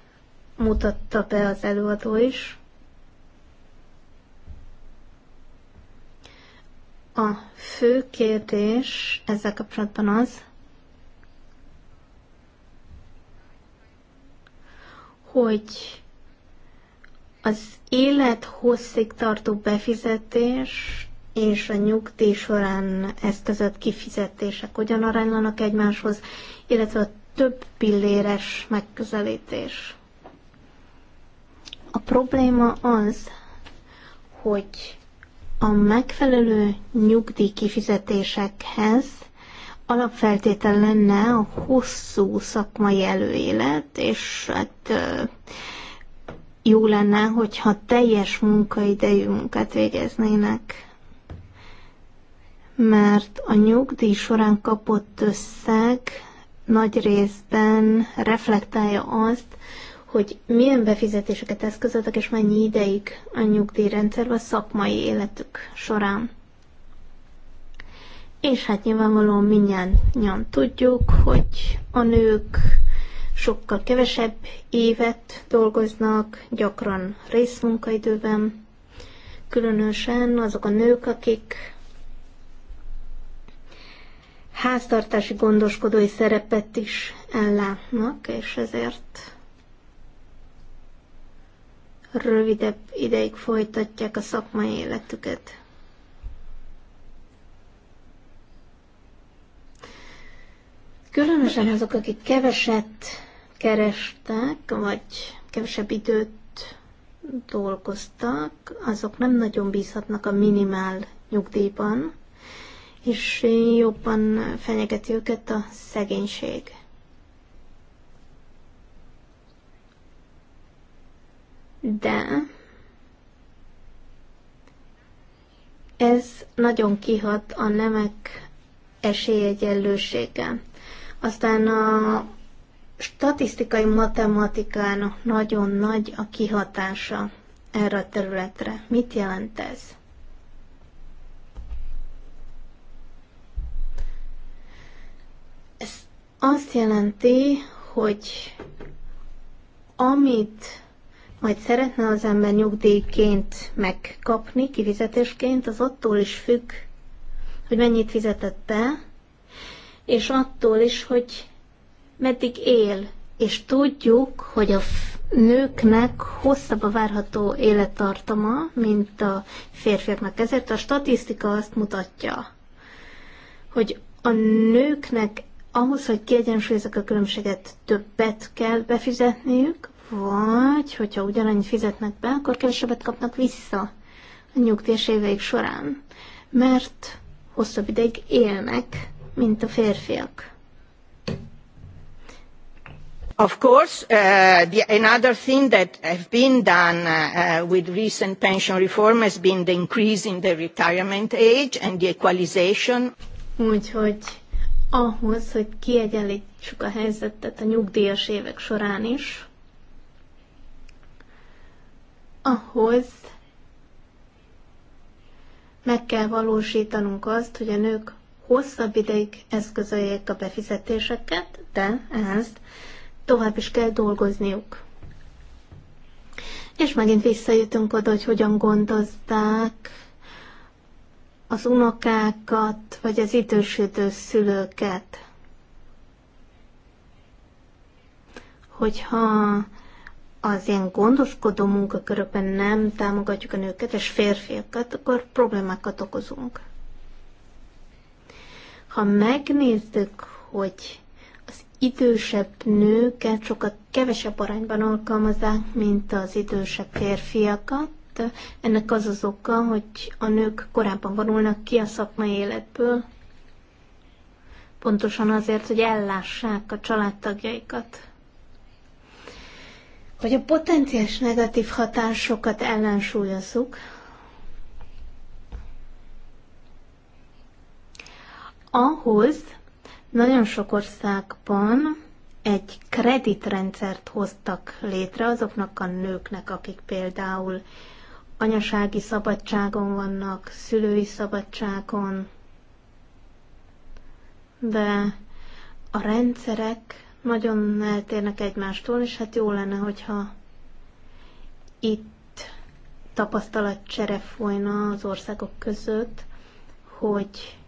mutatta be az előadó is. A fő kérdés ezzel kapcsolatban az, hogy az élet hosszig tartó befizetés és a nyugdíj során eszközött kifizetések hogyan aránylanak egymáshoz, illetve a több pilléres megközelítés. A probléma az, hogy a megfelelő nyugdíj kifizetésekhez alapfeltétel lenne a hosszú szakmai előélet, és hát jó lenne, hogyha teljes munkaidejű munkát végeznének. Mert a nyugdíj során kapott összeg nagy részben reflektálja azt, hogy milyen befizetéseket eszközöltek, és mennyi ideig a nyugdíjrendszerbe a szakmai életük során. És hát nyilvánvalóan mindjárt tudjuk, hogy a nők sokkal kevesebb évet dolgoznak, gyakran részmunkaidőben, különösen azok a nők, akik háztartási gondoskodói szerepet is ellátnak, és ezért rövidebb ideig folytatják a szakmai életüket. Különösen azok, akik keveset kerestek, vagy kevesebb időt dolgoztak, azok nem nagyon bízhatnak a minimál nyugdíjban, és jobban fenyegeti őket a szegénység. de ez nagyon kihat a nemek esélyegyenlősége. Aztán a statisztikai matematikának nagyon nagy a kihatása erre a területre. Mit jelent ez? Ez azt jelenti, hogy amit hogy szeretne az ember nyugdíjként megkapni, kifizetésként, az attól is függ, hogy mennyit fizetett be, és attól is, hogy meddig él. És tudjuk, hogy a nőknek hosszabb a várható élettartama, mint a férfiaknak. Ezért a statisztika azt mutatja, hogy a nőknek ahhoz, hogy kiegyensúlyozzak a különbséget, többet kell befizetniük, vagy hogyha ugyanannyit fizetnek be, akkor kevesebbet kapnak vissza a nyugdíjas éveik során, mert hosszabb ideig élnek, mint a férfiak.
Of course, uh, the, another thing that has been done uh, with recent pension reform has been the increase in the retirement age and the equalization.
Úgyhogy ahhoz, hogy kiegyenlítsük a helyzetet a nyugdíjas évek során is, ahhoz meg kell valósítanunk azt, hogy a nők hosszabb ideig eszközöljék a befizetéseket, de ezt tovább is kell dolgozniuk. És megint visszajutunk oda, hogy hogyan gondozták az unokákat, vagy az idősödő szülőket. Hogyha az ilyen gondoskodó munkakörökben nem támogatjuk a nőket és férfiakat, akkor problémákat okozunk. Ha megnézzük, hogy az idősebb nőket sokkal kevesebb arányban alkalmazzák, mint az idősebb férfiakat, ennek az az oka, hogy a nők korábban vonulnak ki a szakmai életből, pontosan azért, hogy ellássák a családtagjaikat hogy a potenciális negatív hatásokat ellensúlyozzuk, ahhoz nagyon sok országban egy kreditrendszert hoztak létre azoknak a nőknek, akik például anyasági szabadságon vannak, szülői szabadságon, de a rendszerek nagyon eltérnek egymástól, és hát jó lenne, hogyha itt tapasztalatcsere folyna az országok között, hogy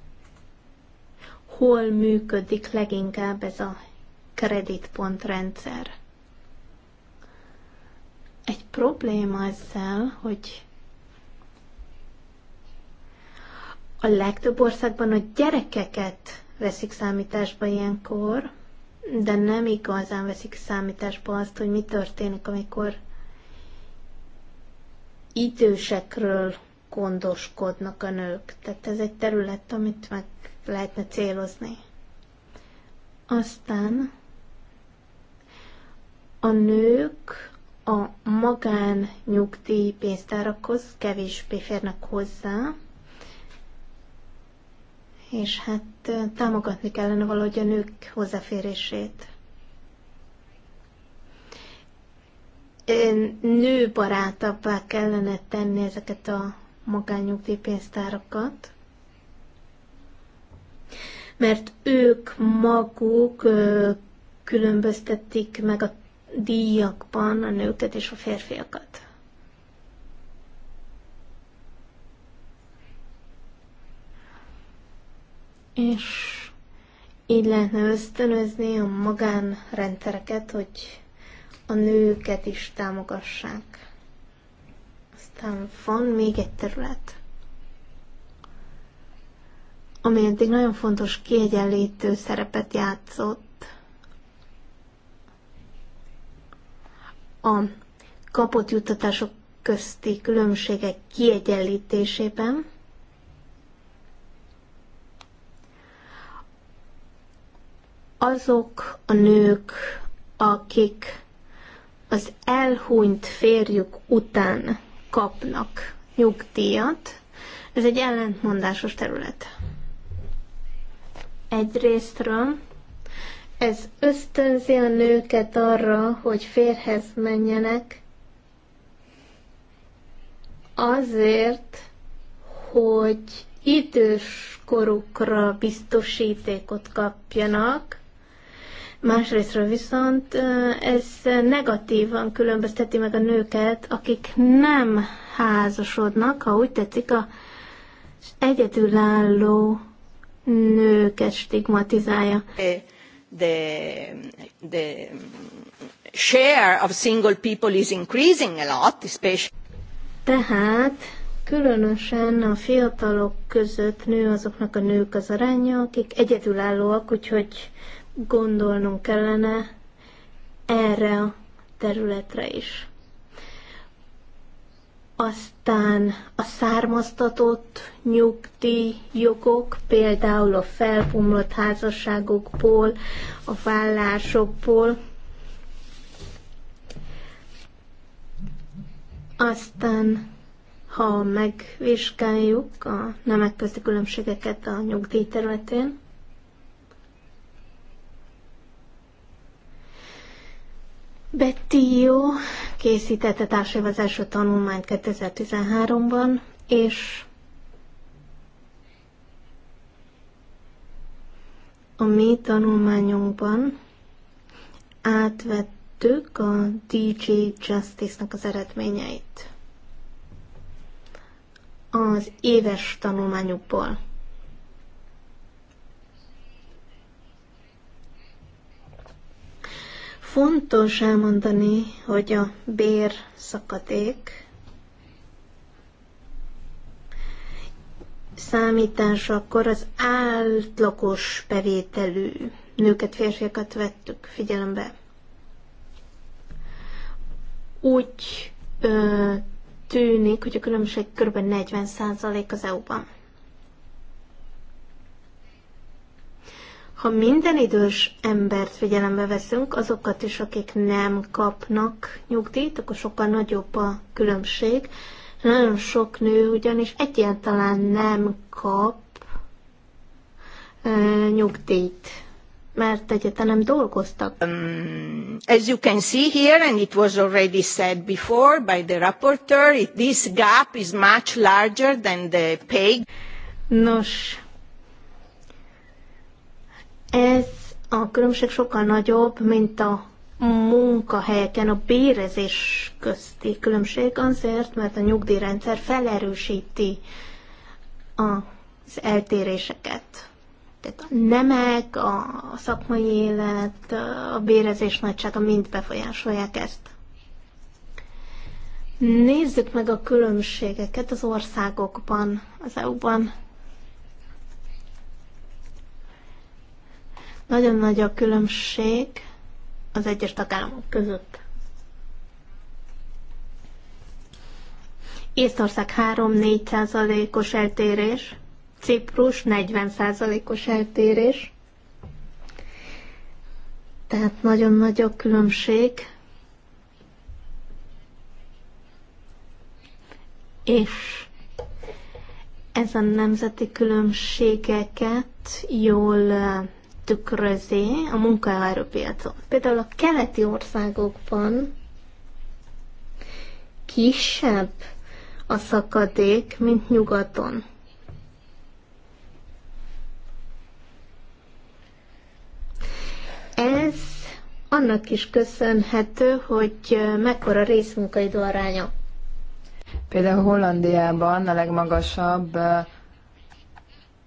hol működik leginkább ez a kreditpontrendszer. Egy probléma ezzel, hogy a legtöbb országban a gyerekeket veszik számításba ilyenkor, de nem igazán veszik számításba azt, hogy mi történik, amikor idősekről gondoskodnak a nők. Tehát ez egy terület, amit meg lehetne célozni. Aztán a nők a magán nyugdíj pénztárakhoz kevésbé férnek hozzá, és hát támogatni kellene valahogy a nők hozzáférését. Nőbarátabbá kellene tenni ezeket a magányugdíjpénztárakat, mert ők maguk különböztetik meg a díjakban a nőket és a férfiakat. és így lehetne ösztönözni a magánrendszereket, hogy a nőket is támogassák. Aztán van még egy terület, ami eddig nagyon fontos kiegyenlítő szerepet játszott. A kapott juttatások közti különbségek kiegyenlítésében, azok a nők, akik az elhunyt férjük után kapnak nyugdíjat, ez egy ellentmondásos terület. Egyrésztről ez ösztönzi a nőket arra, hogy férhez menjenek, azért, hogy idős korukra biztosítékot kapjanak,
Másrésztről
viszont ez negatívan különbözteti meg a nőket, akik nem házasodnak, ha úgy tetszik, a egyedülálló nőket stigmatizálja.
The, the share of single people is increasing a lot, especially.
Tehát különösen a fiatalok között nő azoknak a nők az aránya, akik egyedülállóak, úgyhogy gondolnunk kellene erre a területre is. Aztán a származtatott nyugdíj jogok, például a felbomlott házasságokból, a vállásokból, Aztán, ha megvizsgáljuk a nemek közti különbségeket a nyugdíj területén, Betty jó készítette társadalom az első tanulmányt 2013-ban, és a mi tanulmányunkban átvettük a DJ Justice-nak az eredményeit az éves tanulmányukból. Fontos elmondani, hogy a bér szakadék számításakor az átlagos bevételű nőket, férfiakat vettük figyelembe. Úgy ö, tűnik, hogy a különbség kb. 40% az EU-ban. Ha minden idős embert figyelembe veszünk, azokat is, akik nem kapnak nyugdíjt, akkor sokkal nagyobb a különbség. Nagyon sok nő ugyanis egyáltalán nem kap e, nyugdíjt, mert egyáltalán nem dolgoztak. Um, as you can see here, and it
was already said before by the rapporteur, this gap is much larger
than the pay. Nos, ez a különbség sokkal nagyobb, mint a munkahelyeken a bérezés közti különbség azért, mert a nyugdíjrendszer felerősíti az eltéréseket. Tehát a nemek, a szakmai élet, a bérezés nagysága mind befolyásolják ezt. Nézzük meg a különbségeket az országokban, az EU-ban. Nagyon nagy a különbség az egyes tagállamok között. Észtország 3-4 százalékos eltérés, Ciprus 40 százalékos eltérés, tehát nagyon nagy a különbség, és ezen nemzeti különbségeket jól tükrözi a munkaerőpiacot. Például a keleti országokban kisebb a szakadék, mint nyugaton. Ez annak is köszönhető, hogy mekkora részmunkaidő aránya.
Például Hollandiában a legmagasabb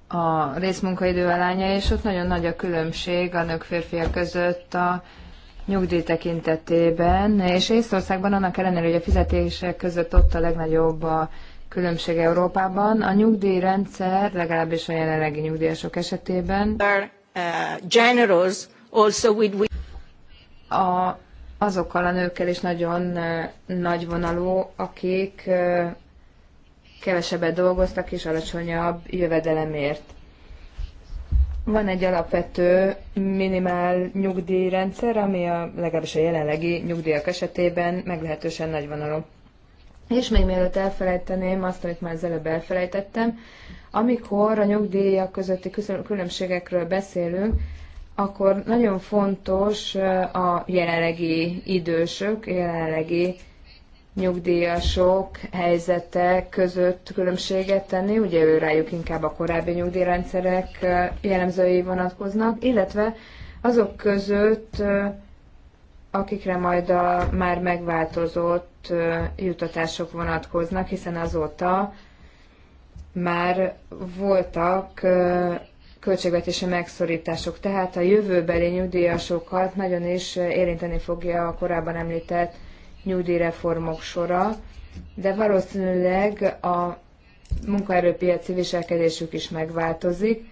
a részmunkaidő alánya, és ott nagyon nagy a különbség a nők férfiak között a nyugdíj tekintetében, és Észtországban annak ellenére, hogy a fizetések között ott a legnagyobb a különbség Európában, a nyugdíjrendszer, legalábbis a jelenlegi nyugdíjasok esetében, uh, a, azokkal a nőkkel is nagyon uh, nagyvonalú, akik uh, kevesebbet dolgoztak és alacsonyabb jövedelemért. Van egy alapvető minimál nyugdíjrendszer, ami a, legalábbis a jelenlegi nyugdíjak esetében meglehetősen vonalú. És még mielőtt elfelejteném azt, amit már az előbb elfelejtettem, amikor a nyugdíjak közötti különbségekről beszélünk, akkor nagyon fontos a jelenlegi idősök, jelenlegi nyugdíjasok helyzete között különbséget tenni, ugye ő rájuk inkább a korábbi nyugdíjrendszerek jellemzői vonatkoznak, illetve azok között, akikre majd a már megváltozott jutatások vonatkoznak, hiszen azóta már voltak költségvetési megszorítások. Tehát a jövőbeli nyugdíjasokat nagyon is érinteni fogja a korábban említett nyugdíjreformok sora, de valószínűleg a munkaerőpiaci viselkedésük is megváltozik.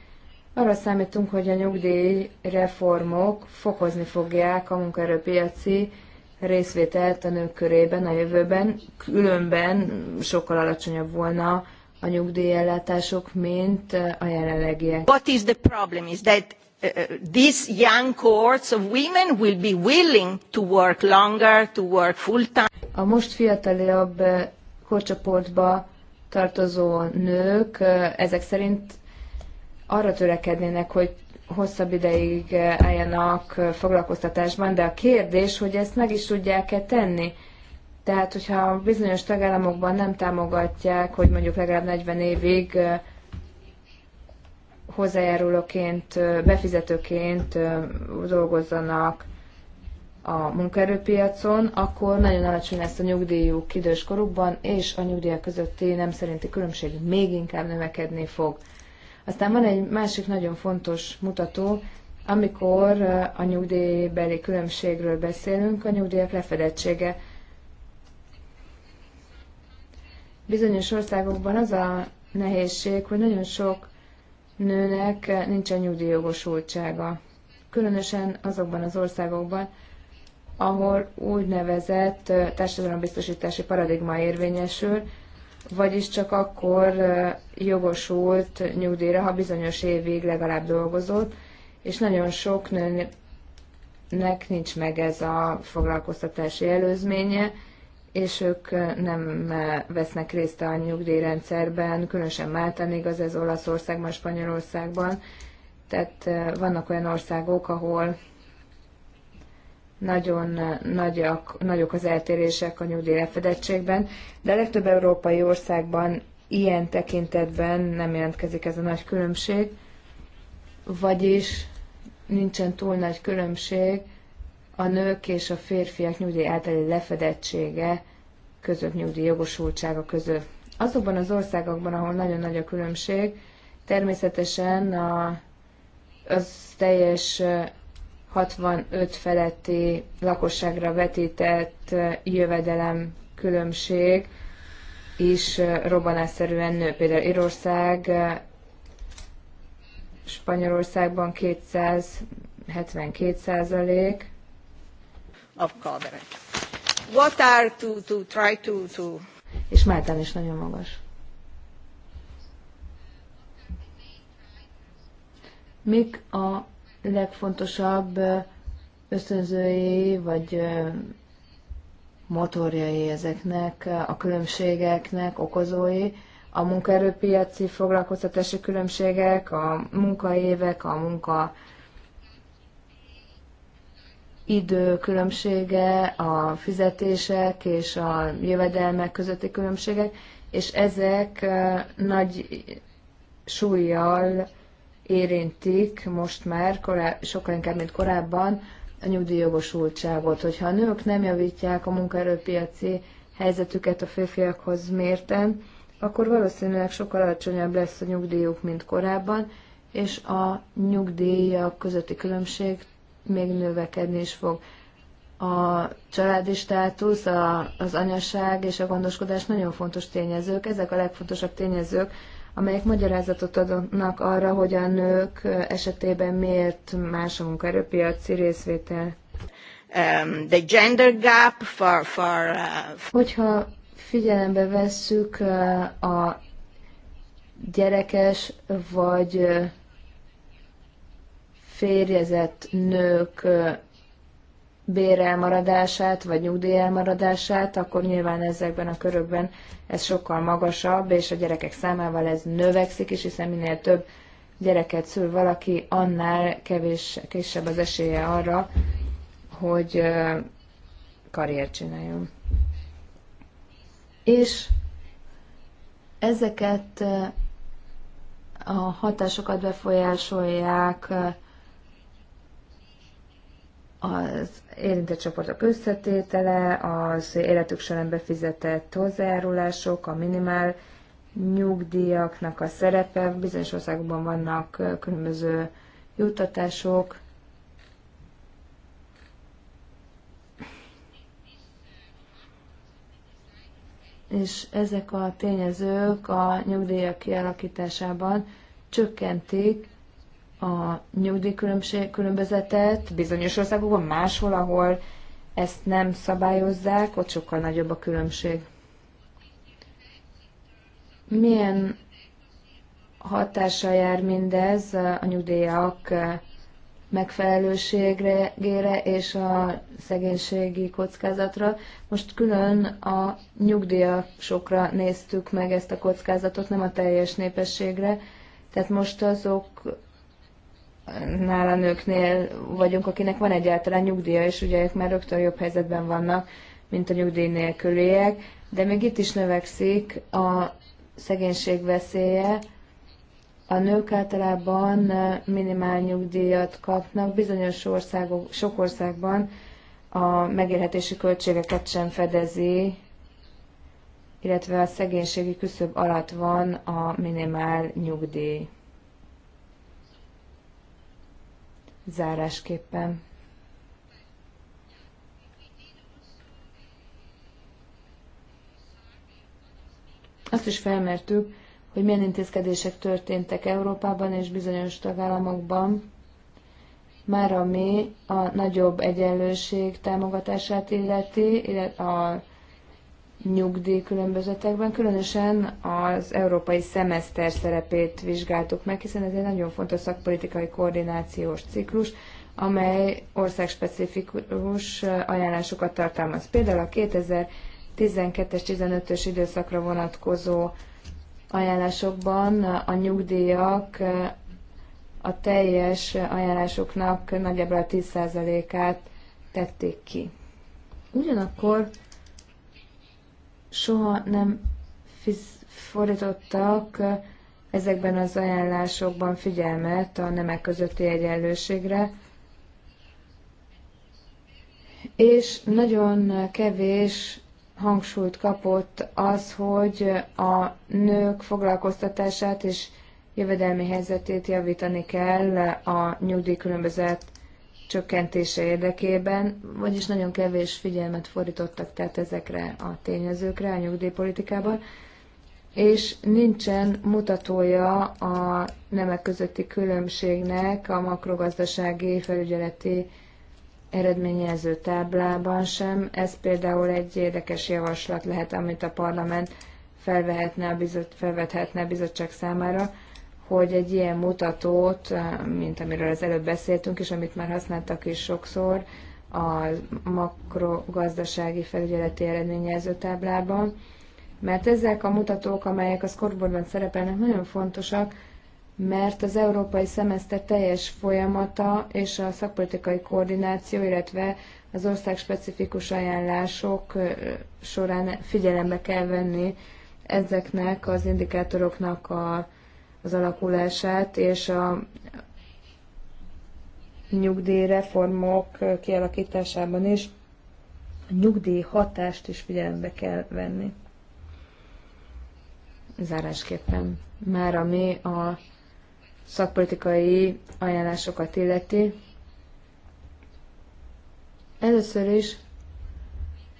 Arra számítunk, hogy a nyugdíjreformok fokozni fogják a munkaerőpiaci részvételt a nők körében a jövőben, különben sokkal alacsonyabb volna a nyugdíjellátások, mint a jelenlegiek. What is the problem is that Uh, uh,
these young cohorts of women will be willing to work longer, to work
full time. A most fiatalabb uh, korcsoportba tartozó nők uh, ezek szerint arra törekednének, hogy hosszabb ideig álljanak foglalkoztatásban, de a kérdés, hogy ezt meg is tudják-e tenni. Tehát, hogyha bizonyos tagállamokban nem támogatják, hogy mondjuk legalább 40 évig hozzájárulóként, befizetőként dolgozzanak a munkaerőpiacon, akkor nagyon alacsony lesz a nyugdíjuk időskorukban, és a nyugdíjak közötti nem szerinti különbség még inkább növekedni fog. Aztán van egy másik nagyon fontos mutató, amikor a nyugdíjbeli különbségről beszélünk, a nyugdíjak lefedettsége. Bizonyos országokban az a nehézség, hogy nagyon sok nőnek nincsen nyugdíjjogosultsága. Különösen azokban az országokban, ahol úgynevezett társadalombiztosítási paradigma érvényesül, vagyis csak akkor jogosult nyugdíjra, ha bizonyos évig legalább dolgozott, és nagyon sok nőnek nincs meg ez a foglalkoztatási előzménye, és ők nem vesznek részt a nyugdíjrendszerben, különösen Máltán igaz ez Olaszországban, Spanyolországban. Tehát vannak olyan országok, ahol nagyon nagyak, nagyok az eltérések a nyugdíjlefedettségben, de a legtöbb európai országban ilyen tekintetben nem jelentkezik ez a nagy különbség, vagyis nincsen túl nagy különbség a nők és a férfiak nyugdíj általi lefedettsége között nyugdíj jogosultsága között. Azokban az országokban, ahol nagyon nagy a különbség, természetesen a, az teljes 65 feletti lakosságra vetített jövedelem különbség is robbanásszerűen nő. Például Írország, Spanyolországban 272 százalék,
of coverage. What are to, to try to, to...
És Máltán is nagyon magas. Mik a legfontosabb ösztönzői vagy motorjai ezeknek, a különbségeknek, okozói, a munkaerőpiaci foglalkoztatási különbségek, a munkaévek, a munka időkülönbsége, a fizetések és a jövedelmek közötti különbségek, és ezek nagy súlyjal érintik most már, koráb, sokkal inkább, mint korábban, a nyugdíjjogosultságot. Hogyha a nők nem javítják a munkaerőpiaci helyzetüket a férfiakhoz mérten, akkor valószínűleg sokkal alacsonyabb lesz a nyugdíjuk, mint korábban, és a nyugdíjak közötti különbség még növekedni is fog. A családi státusz, a, az anyaság és a gondoskodás nagyon fontos tényezők. Ezek a legfontosabb tényezők, amelyek magyarázatot adnak arra, hogy a nők esetében miért más a munkaerőpiaci részvétel. Um, the gender gap for,
for, uh...
Hogyha figyelembe vesszük uh, a gyerekes vagy uh, férjezett nők bérelmaradását vagy nyugdíjelmaradását, akkor nyilván ezekben a körökben ez sokkal magasabb, és a gyerekek számával ez növekszik is, hiszen minél több gyereket szül valaki, annál kevés, kisebb az esélye arra, hogy karriert csináljon. És ezeket a hatásokat befolyásolják az érintett csoportok összetétele, az életük során befizetett hozzájárulások, a minimál nyugdíjaknak a szerepe, bizonyos országokban vannak különböző juttatások, és ezek a tényezők a nyugdíjak kialakításában csökkentik a nyugdíjkülönbözetet bizonyos országokban, máshol, ahol ezt nem szabályozzák, ott sokkal nagyobb a különbség. Milyen hatással jár mindez a nyugdíjak megfelelőségére és a szegénységi kockázatra. Most külön a nyugdíjasokra néztük meg ezt a kockázatot, nem a teljes népességre. Tehát most azok nála nőknél vagyunk, akinek van egyáltalán nyugdíja, és ugye ők már rögtön jobb helyzetben vannak, mint a nyugdíj nélküliek, de még itt is növekszik a szegénység veszélye. A nők általában minimál nyugdíjat kapnak, bizonyos országok, sok országban a megélhetési költségeket sem fedezi, illetve a szegénységi küszöb alatt van a minimál nyugdíj. zárásképpen. Azt is felmertük, hogy milyen intézkedések történtek Európában és bizonyos tagállamokban, már ami a nagyobb egyenlőség támogatását illeti, illetve a nyugdíj különbözetekben, különösen az európai szemeszter szerepét vizsgáltuk meg, hiszen ez egy nagyon fontos szakpolitikai koordinációs ciklus, amely országspecifikus ajánlásokat tartalmaz. Például a 2012-es 15-ös időszakra vonatkozó ajánlásokban a nyugdíjak a teljes ajánlásoknak nagyjából a 10%-át tették ki. Ugyanakkor soha nem fordítottak ezekben az ajánlásokban figyelmet a nemek közötti egyenlőségre, és nagyon kevés hangsúlyt kapott az, hogy a nők foglalkoztatását és jövedelmi helyzetét javítani kell a nyugdíj különbözet csökkentése érdekében, vagyis nagyon kevés figyelmet fordítottak tehát ezekre a tényezőkre a nyugdíjpolitikában, és nincsen mutatója a nemek közötti különbségnek a makrogazdasági felügyeleti eredményező táblában sem. Ez például egy érdekes javaslat lehet, amit a parlament felvehetne a bizottság számára hogy egy ilyen mutatót, eh, mint amiről az előbb beszéltünk, és amit már használtak is sokszor, a makrogazdasági felügyeleti eredményező táblában, mert ezek a mutatók, amelyek a scoreboardban szerepelnek, nagyon fontosak, mert az európai szemeszter teljes folyamata és a szakpolitikai koordináció, illetve az ország specifikus ajánlások eh, során figyelembe kell venni ezeknek az indikátoroknak a az alakulását, és a nyugdíjreformok kialakításában is a nyugdíj hatást is figyelembe kell venni. Zárásképpen. Már ami a szakpolitikai ajánlásokat illeti, először is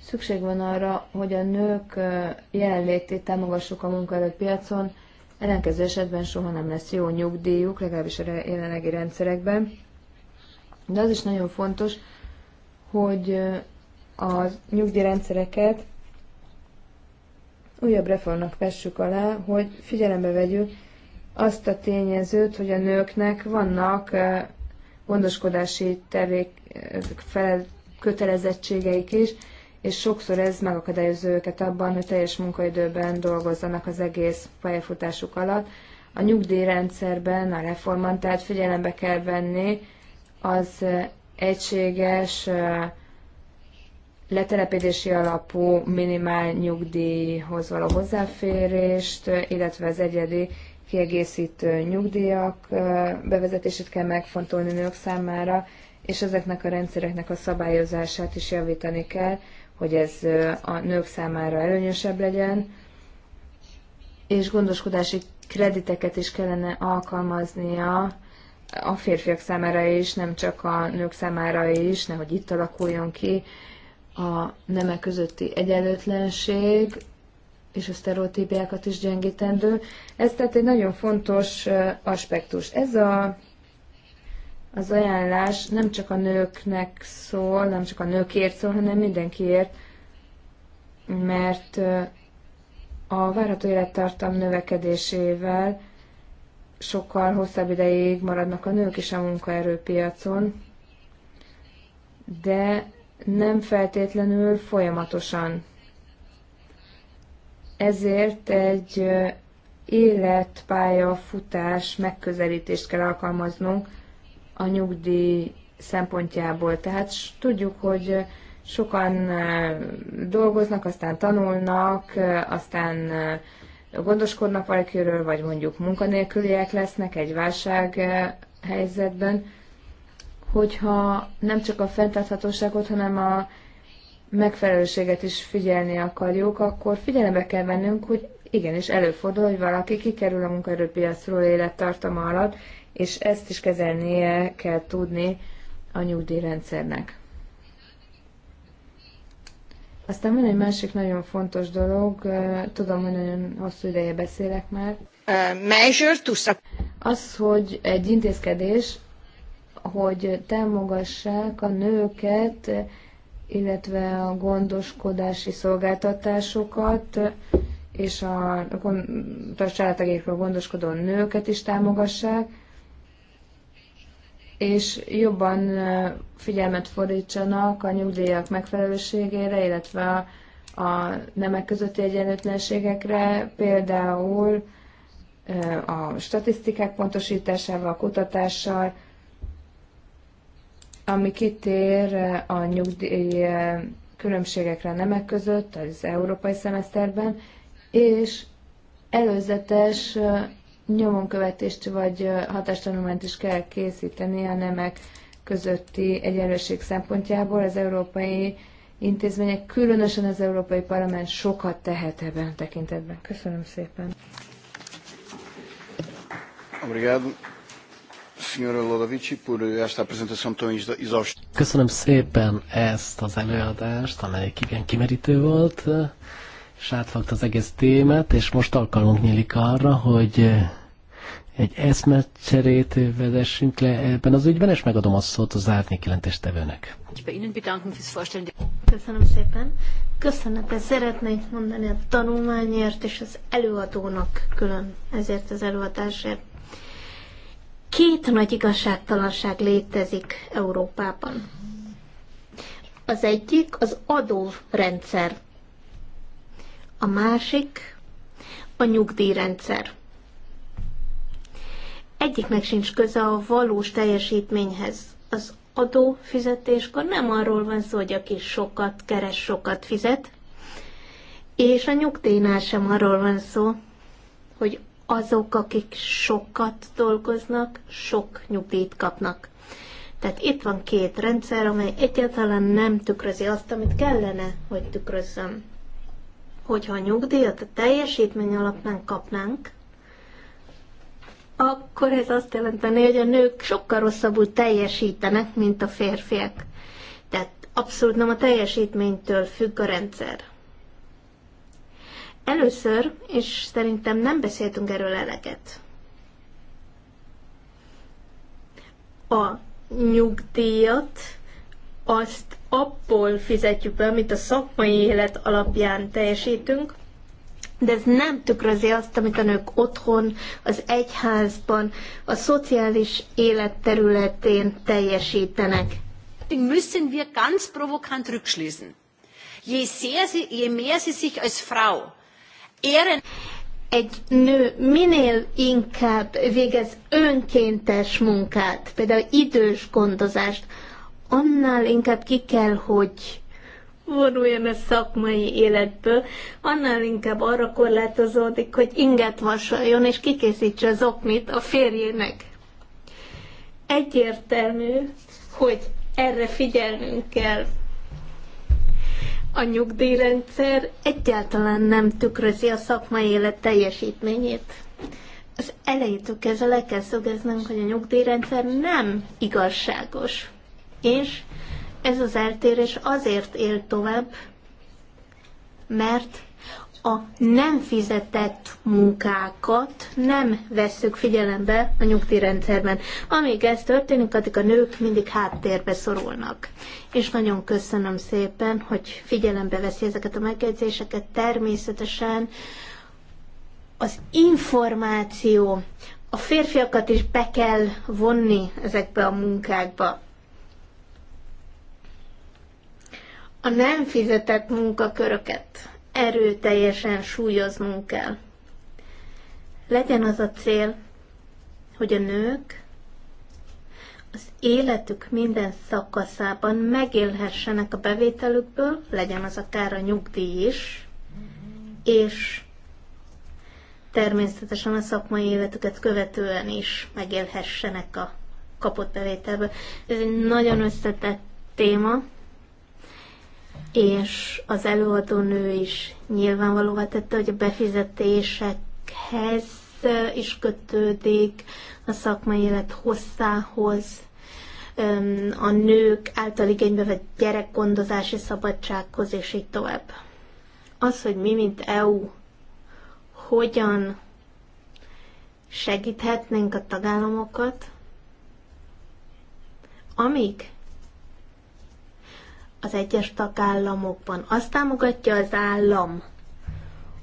szükség van arra, hogy a nők jelenlétét támogassuk a munkaerőpiacon, ellenkező esetben soha nem lesz jó nyugdíjuk, legalábbis a jelenlegi rendszerekben. De az is nagyon fontos, hogy a nyugdíjrendszereket újabb reformnak vessük alá, hogy figyelembe vegyük azt a tényezőt, hogy a nőknek vannak gondoskodási tevék, kötelezettségeik is, és sokszor ez megakadályozza őket abban, hogy teljes munkaidőben dolgozzanak az egész pályafutásuk alatt. A nyugdíjrendszerben a reformon, tehát figyelembe kell venni az egységes letelepedési alapú minimál nyugdíjhoz való hozzáférést, illetve az egyedi kiegészítő nyugdíjak bevezetését kell megfontolni nők számára, és ezeknek a rendszereknek a szabályozását is javítani kell, hogy ez a nők számára előnyösebb legyen, és gondoskodási krediteket is kellene alkalmaznia a férfiak számára is, nem csak a nők számára is, nehogy itt alakuljon ki a nemek közötti egyenlőtlenség, és a sztereotípiákat is gyengítendő. Ez tehát egy nagyon fontos aspektus. Ez a az ajánlás nem csak a nőknek szól, nem csak a nőkért szól, hanem mindenkiért, mert a várható élettartam növekedésével sokkal hosszabb ideig maradnak a nők is a munkaerőpiacon, de nem feltétlenül folyamatosan. Ezért egy életpálya futás megközelítést kell alkalmaznunk, a nyugdíj szempontjából. Tehát tudjuk, hogy sokan dolgoznak, aztán tanulnak, aztán gondoskodnak valakiről, vagy mondjuk munkanélküliek lesznek egy válság helyzetben, hogyha nem csak a fenntarthatóságot, hanem a megfelelőséget is figyelni akarjuk, akkor figyelembe kell vennünk, hogy igenis előfordul, hogy valaki kikerül a munkaerőpiacról élettartama alatt, és ezt is kezelnie kell tudni a nyugdíjrendszernek. Aztán van egy másik nagyon fontos dolog, tudom, hogy nagyon hosszú ideje beszélek már. Az, hogy egy intézkedés, hogy támogassák a nőket, illetve a gondoskodási szolgáltatásokat, és a, a családtagékről gondoskodó nőket is támogassák, és jobban figyelmet fordítsanak a nyugdíjak megfelelőségére, illetve a, a nemek közötti egyenlőtlenségekre, például a statisztikák pontosításával, a kutatással, ami kitér a nyugdíj különbségekre a nemek között az európai szemeszterben, és előzetes nyomonkövetést vagy hatástanulmányt is kell készíteni a nemek közötti egyenlőség szempontjából. Az európai intézmények, különösen az Európai Parlament sokat tehet ebben a tekintetben. Köszönöm szépen.
Obrigado.
Köszönöm szépen ezt az előadást, amely igen kimerítő volt sátfakt az egész témát, és most alkalmunk nyílik arra, hogy eh, egy eszmecserét vezessünk le ebben az ügyben, és megadom a szót az árnyék jelentéstevőnek.
Köszönöm szépen. Köszönetet szeretnék mondani a tanulmányért és az előadónak külön ezért az előadásért. Két nagy igazságtalanság létezik Európában. Az egyik az adórendszer. A másik a nyugdíjrendszer. Egyiknek sincs köze a valós teljesítményhez. Az adófizetéskor nem arról van szó, hogy aki sokat keres, sokat fizet, és a nyugdíjnál sem arról van szó, hogy azok, akik sokat dolgoznak, sok nyugdíjt kapnak. Tehát itt van két rendszer, amely egyáltalán nem tükrözi azt, amit kellene, hogy tükrözzön hogyha a nyugdíjat a teljesítmény alapján kapnánk, akkor ez azt jelenteni, hogy a nők sokkal rosszabbul teljesítenek, mint a férfiak. Tehát abszolút nem a teljesítménytől függ a rendszer. Először, és szerintem nem beszéltünk erről eleget, a nyugdíjat azt abból fizetjük be, amit a szakmai élet alapján teljesítünk, de ez nem tükrözi azt, amit a nők otthon, az egyházban, a szociális élet területén teljesítenek.
Müssen wir ganz provokant rückschließen. Je, sehr sie,
je mehr sie sich als Frau ehren, egy nő minél inkább végez önkéntes munkát, például idős gondozást, annál inkább ki kell, hogy vonuljon a szakmai életből, annál inkább arra korlátozódik, hogy inget vasaljon és kikészítse az okmit a férjének. Egyértelmű, hogy erre figyelnünk kell. A nyugdíjrendszer egyáltalán nem tükrözi a szakmai élet teljesítményét. Az elejétől kezdve le kell szögeznünk, hogy a nyugdíjrendszer nem igazságos és ez az eltérés azért él tovább, mert a nem fizetett munkákat nem vesszük figyelembe a nyugdíjrendszerben. Amíg ez történik, addig a nők mindig háttérbe szorulnak. És nagyon köszönöm szépen, hogy figyelembe veszi ezeket a megjegyzéseket. Természetesen az információ, a férfiakat is be kell vonni ezekbe a munkákba. a nem fizetett munkaköröket erőteljesen súlyoznunk kell. Legyen az a cél, hogy a nők az életük minden szakaszában megélhessenek a bevételükből, legyen az akár a nyugdíj is, és természetesen a szakmai életüket követően is megélhessenek a kapott bevételből. Ez egy nagyon összetett téma, és az előadónő is nyilvánvalóvá tette, hogy a befizetésekhez eh, is kötődik a szakmai élet hosszához, a nők által igénybe vett gyerekgondozási szabadsághoz, és így tovább. Az, hogy mi, mint EU, hogyan segíthetnénk a tagállamokat, amíg az egyes tagállamokban. Azt támogatja az állam,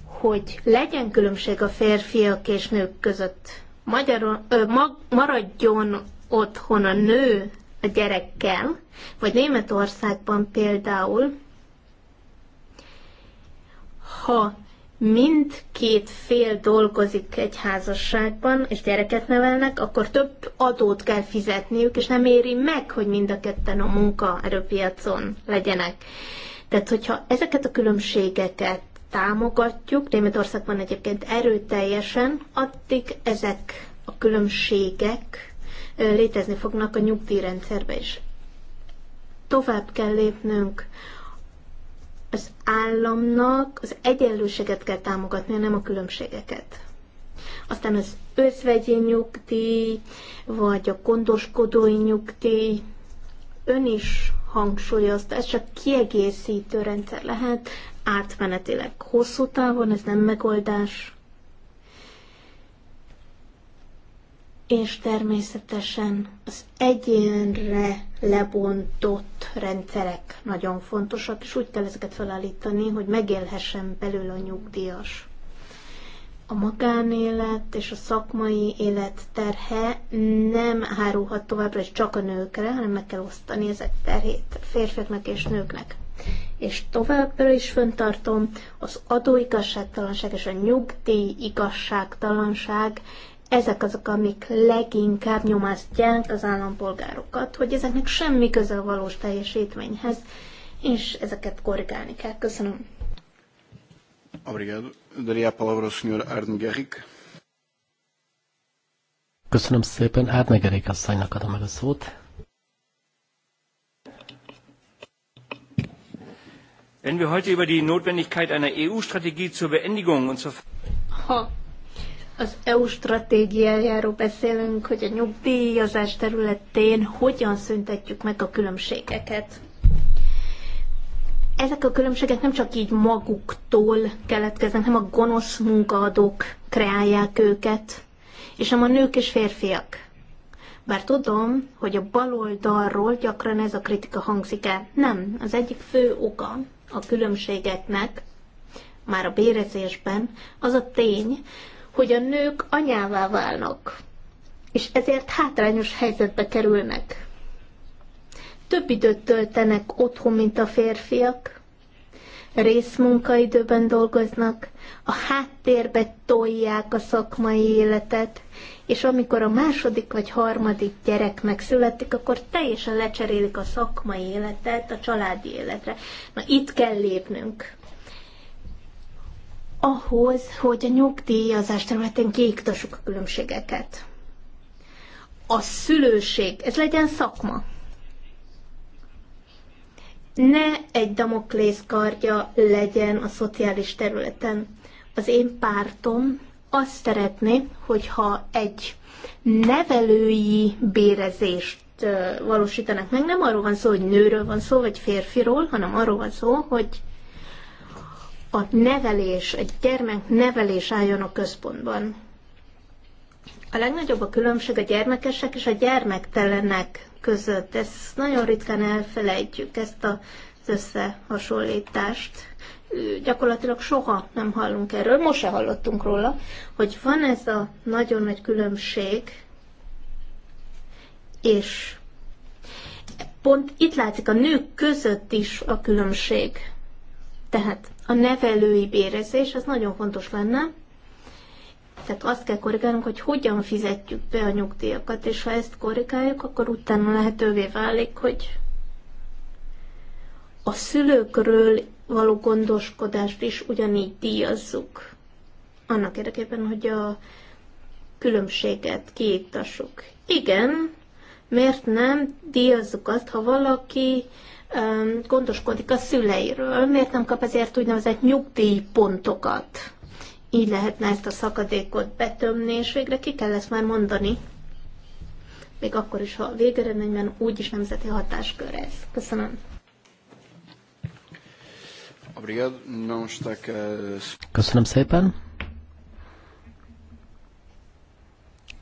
hogy legyen különbség a férfiak és nők között. Magyarul, ö, mag, maradjon otthon a nő a gyerekkel, vagy Németországban például, ha mindkét fél dolgozik egy házasságban, és gyereket nevelnek, akkor több adót kell fizetniük, és nem éri meg, hogy mind a ketten a munkaerőpiacon legyenek. Tehát, hogyha ezeket a különbségeket támogatjuk, Németországban egyébként erőteljesen, addig ezek a különbségek létezni fognak a nyugdíjrendszerbe is. Tovább kell lépnünk az államnak az egyenlőséget kell támogatnia, nem a különbségeket. Aztán az özvegyi nyugdíj, vagy a gondoskodói nyugdíj, ön is hangsúlyozta, ez csak kiegészítő rendszer lehet, átmenetileg hosszú távon, ez nem megoldás. és természetesen az egyénre lebontott rendszerek nagyon fontosak, és úgy kell ezeket felállítani, hogy megélhessen belül a nyugdíjas. A magánélet és a szakmai élet terhe nem hárulhat továbbra is csak a nőkre, hanem meg kell osztani ezek terhét férfiaknak és nőknek. És továbbra is föntartom, az adóigazságtalanság és a nyugdíj igazságtalanság ezek azok, amik leginkább nyomasztják az állampolgárokat, hogy ezeknek semmi köze a valós teljesítményhez, és ezeket korrigálni kell. Köszönöm.
a
Köszönöm szépen. Arngerik asszonynak adom meg a szót.
Wenn wir heute über die Notwendigkeit einer EU-Strategie zur Beendigung und zur
ha az EU stratégiájáról beszélünk, hogy a nyugdíjazás területén hogyan szüntetjük meg a különbségeket. Ezek a különbségek nem csak így maguktól keletkeznek, hanem a gonosz munkaadók kreálják őket, és nem a nők és férfiak. Bár tudom, hogy a baloldalról gyakran ez a kritika hangzik el. Nem, az egyik fő oka a különbségeknek, már a bérezésben, az a tény, hogy a nők anyává válnak, és ezért hátrányos helyzetbe kerülnek. Több időt töltenek otthon, mint a férfiak, részmunkaidőben dolgoznak, a háttérbe tolják a szakmai életet, és amikor a második vagy harmadik gyerek megszületik, akkor teljesen lecserélik a szakmai életet a családi életre. Na itt kell lépnünk ahhoz, hogy a nyugdíjazás területén kiiktassuk a különbségeket. A szülőség, ez legyen szakma. Ne egy damoklész kardja legyen a szociális területen. Az én pártom azt szeretné, hogyha egy nevelői bérezést valósítanak meg. Nem arról van szó, hogy nőről van szó, vagy férfiról, hanem arról van szó, hogy a nevelés, egy gyermek nevelés álljon a központban. A legnagyobb a különbség a gyermekesek és a gyermektelenek között. Ezt nagyon ritkán elfelejtjük, ezt az összehasonlítást. Gyakorlatilag soha nem hallunk erről, most se hallottunk róla, hogy van ez a nagyon nagy különbség, és pont itt látszik a nők között is a különbség. Tehát a nevelői bérezés az nagyon fontos lenne, tehát azt kell korrigálnunk, hogy hogyan fizetjük be a nyugdíjakat, és ha ezt korrigáljuk, akkor utána lehetővé válik, hogy a szülőkről való gondoskodást is ugyanígy díjazzuk. Annak érdekében, hogy a különbséget kiiktassuk. Igen, miért nem díjazzuk azt, ha valaki gondoskodik a szüleiről, miért nem kap ezért úgynevezett nyugdíjpontokat. Így lehetne ezt a szakadékot betömni, és végre ki kell ezt már mondani. Még akkor is, ha a végeredményben úgyis nemzeti hatáskör ez. Köszönöm.
Köszönöm szépen.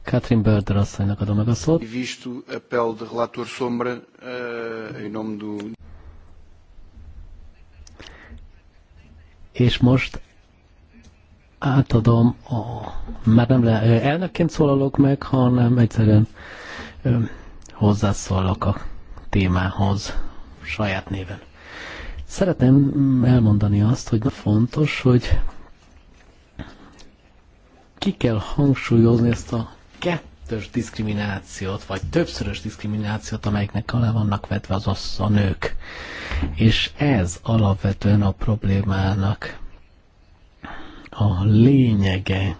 Catherine Bird asszonynak adom meg a szót. E
visto appel de relator sombra eh, em nome do...
És most átadom a... Már nem le, elnökként szólalok meg, hanem egyszerűen hozzászólok a témához saját néven. Szeretném elmondani azt, hogy fontos, hogy ki kell hangsúlyozni ezt a kettős diszkriminációt, vagy többszörös diszkriminációt, amelyeknek alá vannak vetve az a nők. És ez alapvetően a problémának a lényege,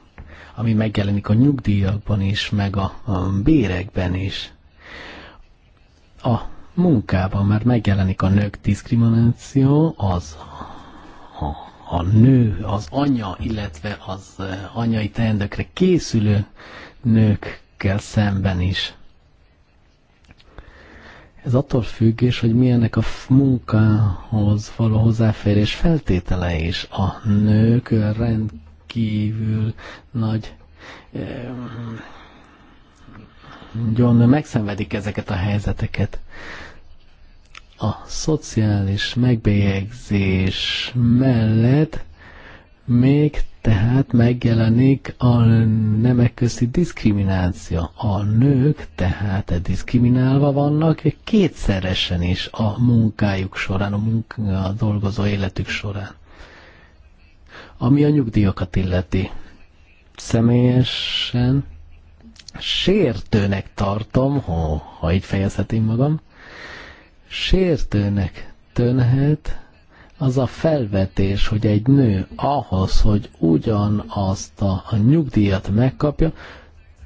ami megjelenik a nyugdíjakban is, meg a, a bérekben is. A munkában már megjelenik a nők diszkrimináció, az a a nő, az anya, illetve az eh, anyai teendőkre készülő nőkkel szemben is. Ez attól függ, és hogy milyenek a munkához való hozzáférés feltétele is. A nők rendkívül nagy gyónő megszenvedik ezeket a helyzeteket. A szociális megbélyegzés mellett még tehát megjelenik a nemek közti diszkrimináció. A nők tehát diszkriminálva vannak kétszeresen is a munkájuk során, a, munka, a dolgozó életük során. Ami a nyugdíjakat illeti, személyesen sértőnek tartom, ha, ha így fejezhetem magam, sértőnek tönhet, az a felvetés, hogy egy nő ahhoz, hogy ugyanazt a, a nyugdíjat megkapja,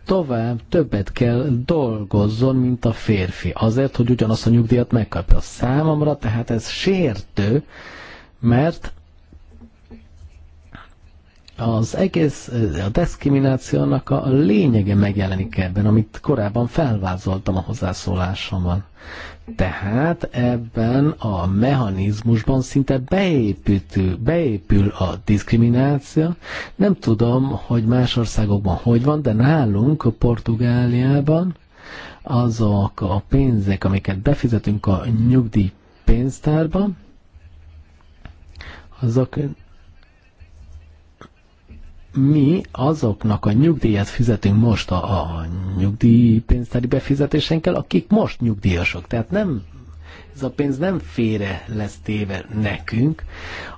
tovább többet kell dolgozzon, mint a férfi, azért, hogy ugyanazt a nyugdíjat megkapja. Számomra tehát ez sértő, mert az egész, eh, a diszkriminációnak a lényege megjelenik ebben, amit korábban felvázoltam a hozzászólásomban. Tehát ebben a mechanizmusban szinte beépítő, beépül a diszkrimináció. Nem tudom, hogy más országokban hogy van, de nálunk, Portugáliában azok a pénzek, amiket befizetünk a nyugdíjpénztárba, azok mi azoknak a nyugdíjat fizetünk most a, a nyugdíjpénztári befizetésenkkel, akik most nyugdíjasok. Tehát nem ez a pénz nem félre lesz téve nekünk.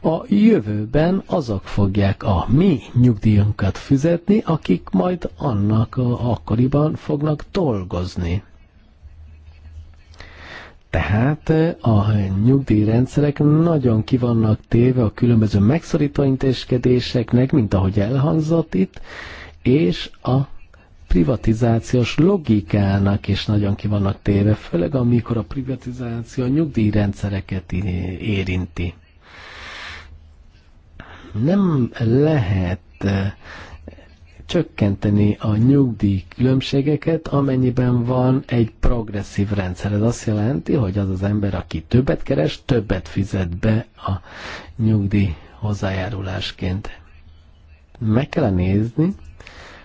A jövőben azok fogják a mi nyugdíjunkat fizetni, akik majd annak a, akkoriban fognak dolgozni. Tehát a nyugdíjrendszerek nagyon kivannak téve a különböző megszorító intézkedéseknek, mint ahogy elhangzott itt, és a privatizációs logikának is nagyon kivannak téve, főleg amikor a privatizáció a nyugdíjrendszereket érinti. Nem lehet csökkenteni a nyugdíj különbségeket, amennyiben van egy progresszív rendszer. Ez azt jelenti, hogy az az ember, aki többet keres, többet fizet be a nyugdíj hozzájárulásként. Meg kell nézni,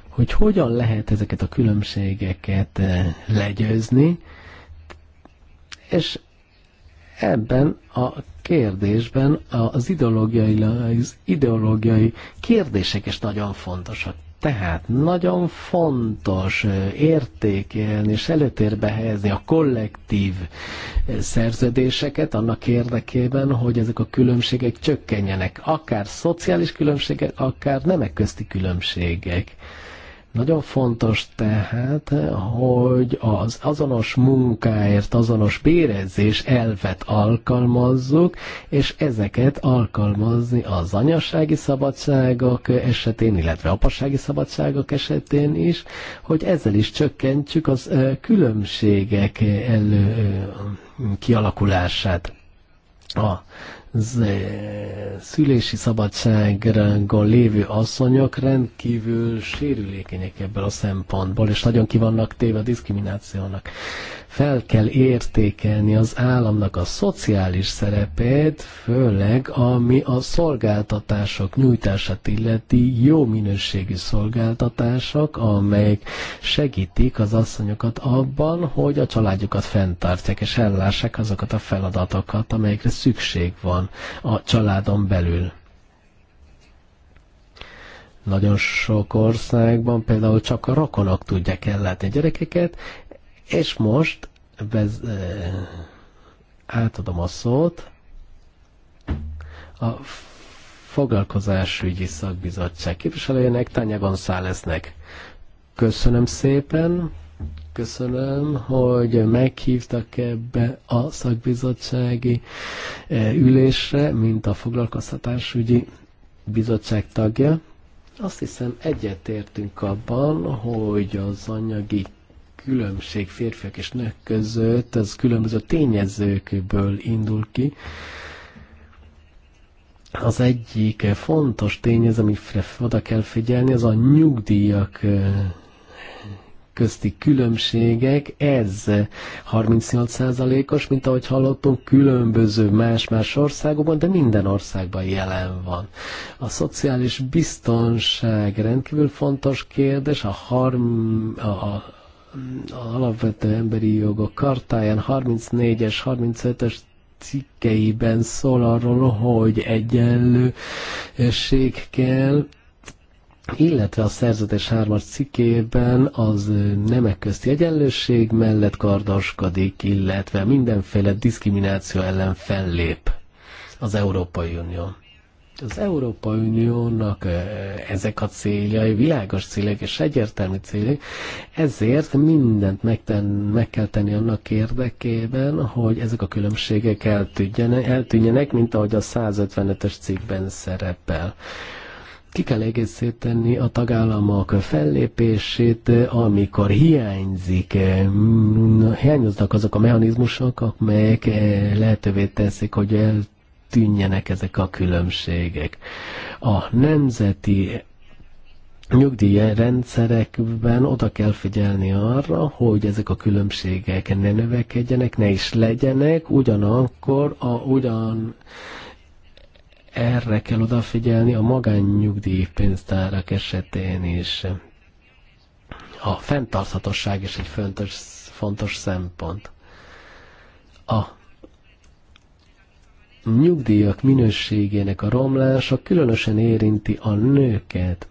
hogy hogyan lehet ezeket a különbségeket eh, legyőzni, és ebben a kérdésben az ideológiai, az ideológiai kérdések is nagyon fontosak. Tehát nagyon fontos értékelni és előtérbe helyezni a kollektív szerződéseket annak érdekében, hogy ezek a különbségek csökkenjenek, akár szociális különbségek, akár nemek közti különbségek. Nagyon fontos tehát, hogy az azonos munkáért azonos bérezés elvet alkalmazzuk, és ezeket alkalmazni az anyasági szabadságok esetén, illetve apassági szabadságok esetén is, hogy ezzel is csökkentjük az különbségek elő kialakulását. A szülési szabadságon lévő asszonyok rendkívül sérülékenyek ebből a szempontból, és nagyon kivannak téve a diszkriminációnak fel kell értékelni az államnak a szociális szerepét, főleg ami a szolgáltatások nyújtását illeti jó minőségű szolgáltatások, amelyek segítik az asszonyokat abban, hogy a családjukat fenntartják és ellássák azokat a feladatokat, amelyekre szükség van a családon belül. Nagyon sok országban például csak a rokonok tudják ellátni a gyerekeket, és most bez, átadom a szót a foglalkozásügyi szakbizottság képviselőjének, Tanya Gonzáleznek. Köszönöm szépen, köszönöm, hogy meghívtak ebbe a szakbizottsági ülésre, mint a foglalkoztatásügyi bizottság tagja. Azt hiszem egyetértünk abban, hogy az anyagi különbség férfiak és nők között az különböző tényezőkből indul ki. Az egyik fontos tényező, amire oda kell figyelni, az a nyugdíjak közti különbségek, ez 38%-os, mint ahogy hallottunk, különböző más-más országokban, de minden országban jelen van. A szociális biztonság rendkívül fontos kérdés, a, harm, a, a alapvető emberi jogok kartáján 34-es, 35-es cikkeiben szól arról, hogy egyenlőség kell, illetve a szerzetes hármas cikkében az nemek közti egyenlőség mellett kardoskodik, illetve mindenféle diszkrimináció ellen fellép az Európai Unió. Az Európa Uniónak ezek a céljai, világos célek és egyértelmű célek, ezért mindent megten, meg kell tenni annak érdekében, hogy ezek a különbségek eltűnjenek mint ahogy a 155-ös cikkben szerepel ki kell egészíteni a tagállamok fellépését, amikor hiányzik, mm, hiányoznak azok a mechanizmusok, amelyek eh, lehetővé teszik, hogy el tűnjenek ezek a különbségek. A nemzeti nyugdíjrendszerekben oda kell figyelni arra, hogy ezek a különbségek ne növekedjenek, ne is legyenek, ugyanakkor a ugyan erre kell odafigyelni a magánnyugdíj pénztárak esetén is. A fenntarthatóság is egy fontos, fontos szempont. A nyugdíjak minőségének a romlása különösen érinti a nőket.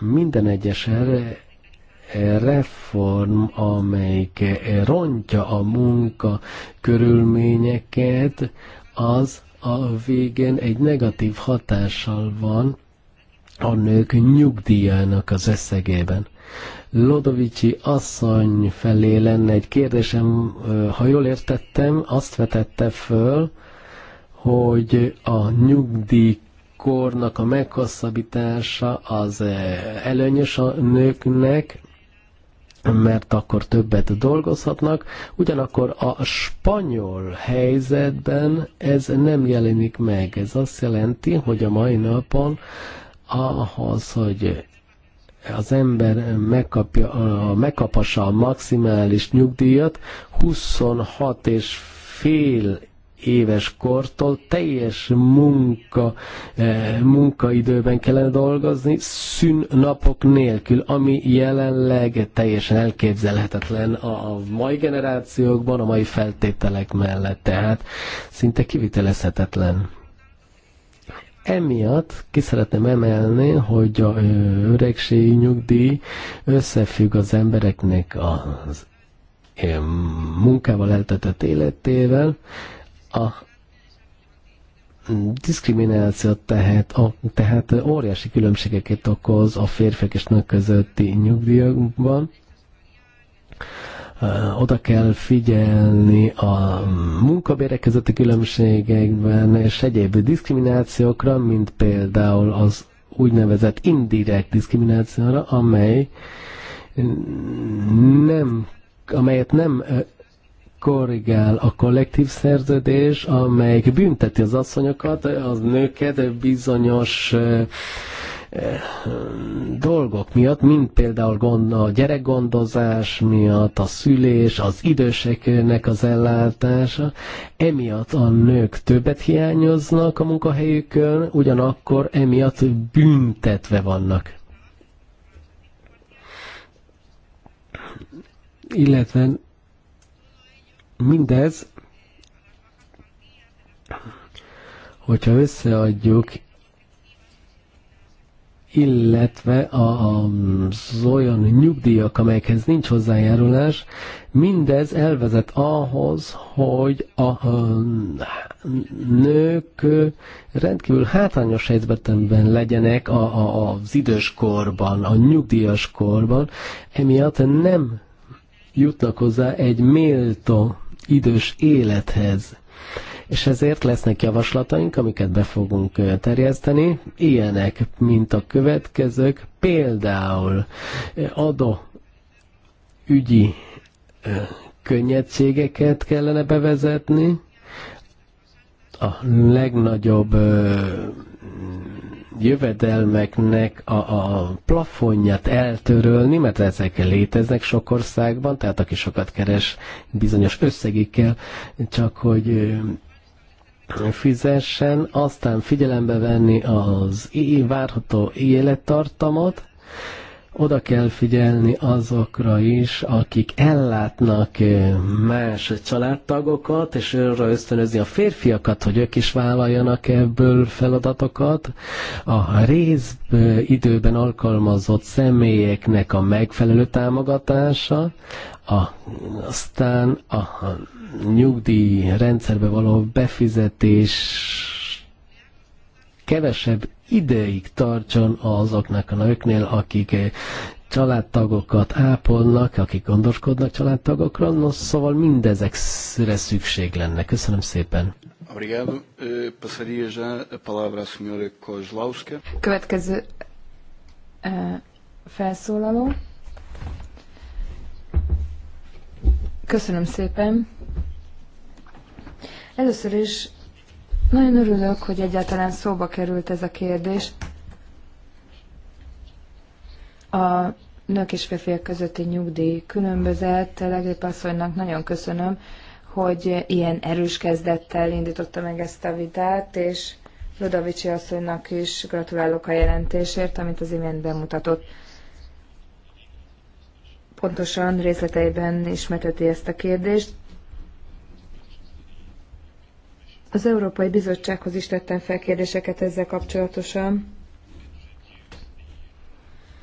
Minden egyes reform, amelyik rontja a munka körülményeket, az a végén egy negatív hatással van a nők nyugdíjának az összegében. Lodovicsi asszony felé lenne egy kérdésem, ha jól értettem, azt vetette föl, hogy a nyugdíjkornak a meghosszabbítása az eh, előnyös a nőknek, mert akkor többet dolgozhatnak, ugyanakkor a spanyol helyzetben ez nem jelenik meg. Ez azt jelenti, hogy a mai napon ahhoz, hogy az ember megkapja, megkapassa a maximális nyugdíjat, 26 és fél éves kortól teljes munka, eh, munkaidőben kellene dolgozni, szünnapok nélkül, ami jelenleg teljesen elképzelhetetlen a mai generációkban, a mai feltételek mellett, tehát szinte kivitelezhetetlen. Emiatt ki szeretném emelni, hogy a öregségi nyugdíj összefügg az embereknek az munkával eltetett életével, a diszkrimináció tehát, a, tehát óriási különbségeket okoz a férfiak és nők közötti nyugdíjakban. Oda kell figyelni a munkabérek közötti különbségekben és egyéb diszkriminációkra, mint például az úgynevezett indirekt diszkriminációra, amely nem, amelyet nem korrigál a kollektív szerződés, amelyik bünteti az asszonyokat, az nőket bizonyos dolgok miatt, mint például gond, a gyerekgondozás miatt, a szülés, az időseknek az ellátása, emiatt a nők többet hiányoznak a munkahelyükön, ugyanakkor emiatt büntetve vannak. Illetve Mindez, hogyha összeadjuk, illetve az olyan nyugdíjak, amelyekhez nincs hozzájárulás, mindez elvezet ahhoz, hogy a nők rendkívül hátrányos helyzetben legyenek a, a, az időskorban, a nyugdíjas korban, emiatt nem jutnak hozzá egy méltó idős élethez. És ezért lesznek javaslataink, amiket be fogunk terjeszteni, ilyenek, mint a következők, például adó ügyi könnyedségeket kellene bevezetni, a legnagyobb jövedelmeknek a, a plafonját eltörölni, mert ezek léteznek sok országban, tehát aki sokat keres bizonyos összegikkel, csak hogy fizessen, aztán figyelembe venni az várható élettartamot, oda kell figyelni azokra is, akik ellátnak eh, más családtagokat, és őre ösztönözni a férfiakat, hogy ők is vállaljanak ebből feladatokat. A rész eh, időben alkalmazott személyeknek a megfelelő támogatása, a, aztán a nyugdíj rendszerbe való befizetés kevesebb ideig tartson azoknak a nőknél, akik eh, családtagokat ápolnak, akik gondoskodnak családtagokra, no, szóval mindezekre szükség lenne. Köszönöm szépen.
Obrigado. Eh, passaria já a palavra à senhora Kozlowska.
Következő eh, felszólaló. Köszönöm szépen. Először is nagyon örülök, hogy egyáltalán szóba került ez a kérdés. A nők és férfiak közötti nyugdíj különbözet. Legrébb asszonynak nagyon köszönöm, hogy ilyen erős kezdettel indította meg ezt a vitát, és Ludovicsi asszonynak is gratulálok a jelentésért, amit az imént bemutatott. Pontosan részleteiben ismerteti ezt a kérdést. Az Európai Bizottsághoz is tettem fel kérdéseket ezzel kapcsolatosan,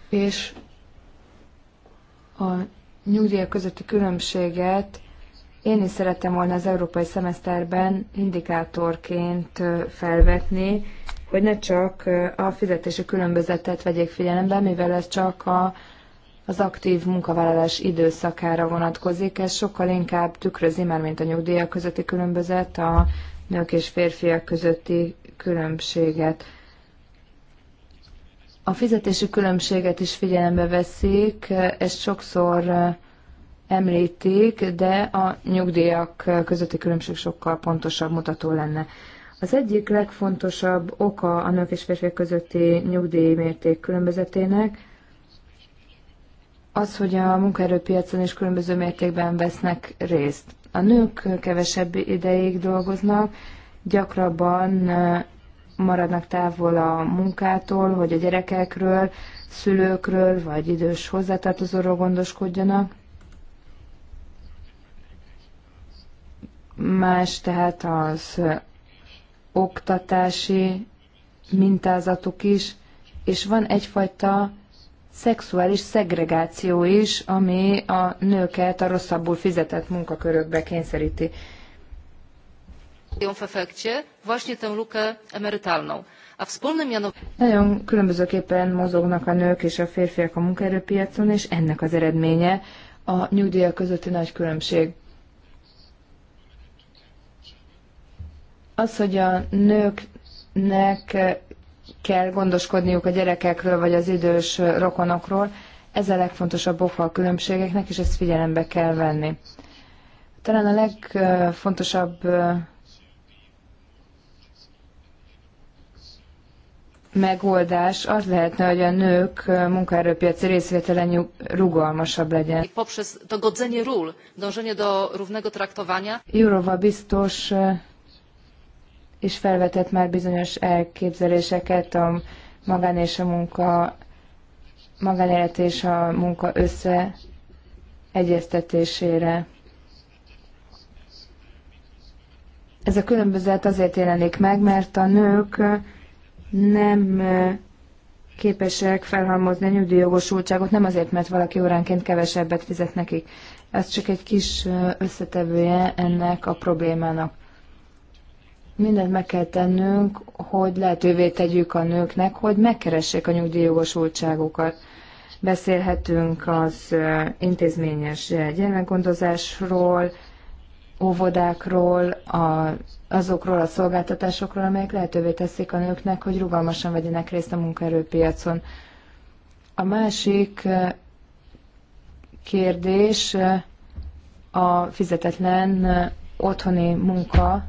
és a nyugdíjak közötti különbséget én is szerettem volna az európai szemeszterben indikátorként felvetni, hogy ne csak a fizetési különbözetet vegyék figyelembe, mivel ez csak a, az aktív munkavállalás időszakára vonatkozik, ez sokkal inkább tükrözi már, mint a nyugdíjak közötti különbözet a nők és férfiak közötti különbséget. A fizetési különbséget is figyelembe veszik, ezt sokszor említik, de a nyugdíjak közötti különbség sokkal pontosabb mutató lenne. Az egyik legfontosabb oka a nők és férfiak közötti nyugdíj mérték különbözetének az, hogy a munkaerőpiacon is különböző mértékben vesznek részt. A nők kevesebb ideig dolgoznak, gyakrabban maradnak távol a munkától, hogy a gyerekekről, szülőkről vagy idős hozzátartozóról gondoskodjanak. Más tehát az oktatási mintázatuk is, és van egyfajta szexuális szegregáció is, ami a nőket a rosszabbul fizetett munkakörökbe kényszeríti. Nagyon különbözőképpen mozognak a nők és a férfiak a munkaerőpiacon, és ennek az eredménye a nyugdíjak közötti nagy különbség. Az, hogy a nőknek kell gondoskodniuk a gyerekekről vagy az idős rokonokról. Ez a legfontosabb oka a különbségeknek, és ezt figyelembe kell venni. Talán a legfontosabb megoldás az lehetne, hogy a nők munkaerőpiaci részvételen rugalmasabb legyen. Poprzez ról, dążenie do równego traktowania. Jurova biztos is felvetett már bizonyos elképzeléseket a magán és a munka, magánélet és a munka összeegyeztetésére. Ez a különbözet azért jelenik meg, mert a nők nem képesek felhalmozni a nyugdíjjogosultságot, nem azért, mert valaki óránként kevesebbet fizet nekik. Ez csak egy kis összetevője ennek a problémának mindent meg kell tennünk, hogy lehetővé tegyük a nőknek, hogy megkeressék a nyugdíjjogosultságukat. Beszélhetünk az intézményes gyermekgondozásról, óvodákról, a, azokról a szolgáltatásokról, amelyek lehetővé teszik a nőknek, hogy rugalmasan vegyenek részt a munkaerőpiacon. A másik kérdés a fizetetlen otthoni munka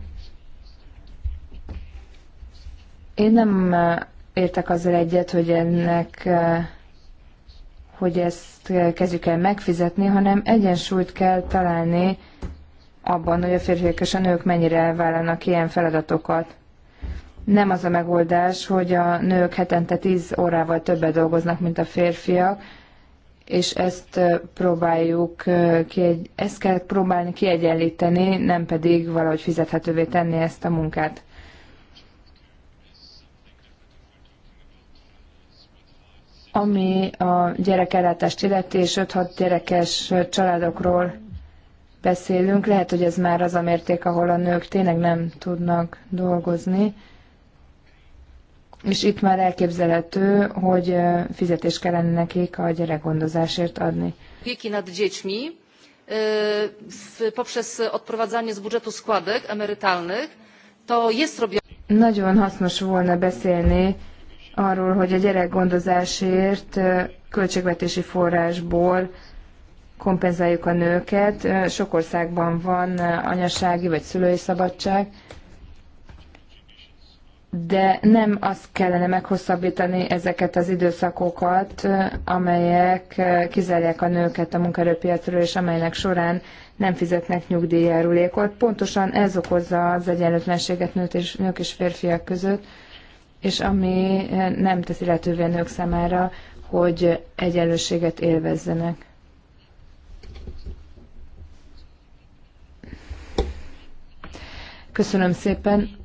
Én nem értek azzal egyet, hogy ennek hogy ezt kezdjük el megfizetni, hanem egyensúlyt kell találni abban, hogy a férfiak és a nők mennyire elvállalnak ilyen feladatokat. Nem az a megoldás, hogy a nők hetente 10 órával többet dolgoznak, mint a férfiak, és ezt próbáljuk ezt kell próbálni kiegyenlíteni, nem pedig valahogy fizethetővé tenni ezt a munkát. Ami a gyerekellátást illeti, és 5-6 gyerekes családokról beszélünk, lehet, hogy ez már az a mérték, ahol a nők tényleg nem tudnak dolgozni, és itt már elképzelhető, hogy fizetés kellene nekik a gyerekgondozásért adni. Wieki nad dziećmi e, poprzez odprowadzanie z budżetu składek emerytalnych to jest robione. Nagyon hasznos volna beszélni arról, hogy a gyerekgondozásért költségvetési forrásból kompenzáljuk a nőket. Sok országban van anyasági vagy szülői szabadság, de nem azt kellene meghosszabbítani ezeket az időszakokat, amelyek kizárják a nőket a munkaerőpiacról, és amelynek során nem fizetnek nyugdíjjárulékot. Pontosan ez okozza az egyenlőtlenséget és, nők és férfiak között, és ami eh, nem teszi lehetővé a nők számára, hogy egyenlőséget élvezzenek. Köszönöm szépen.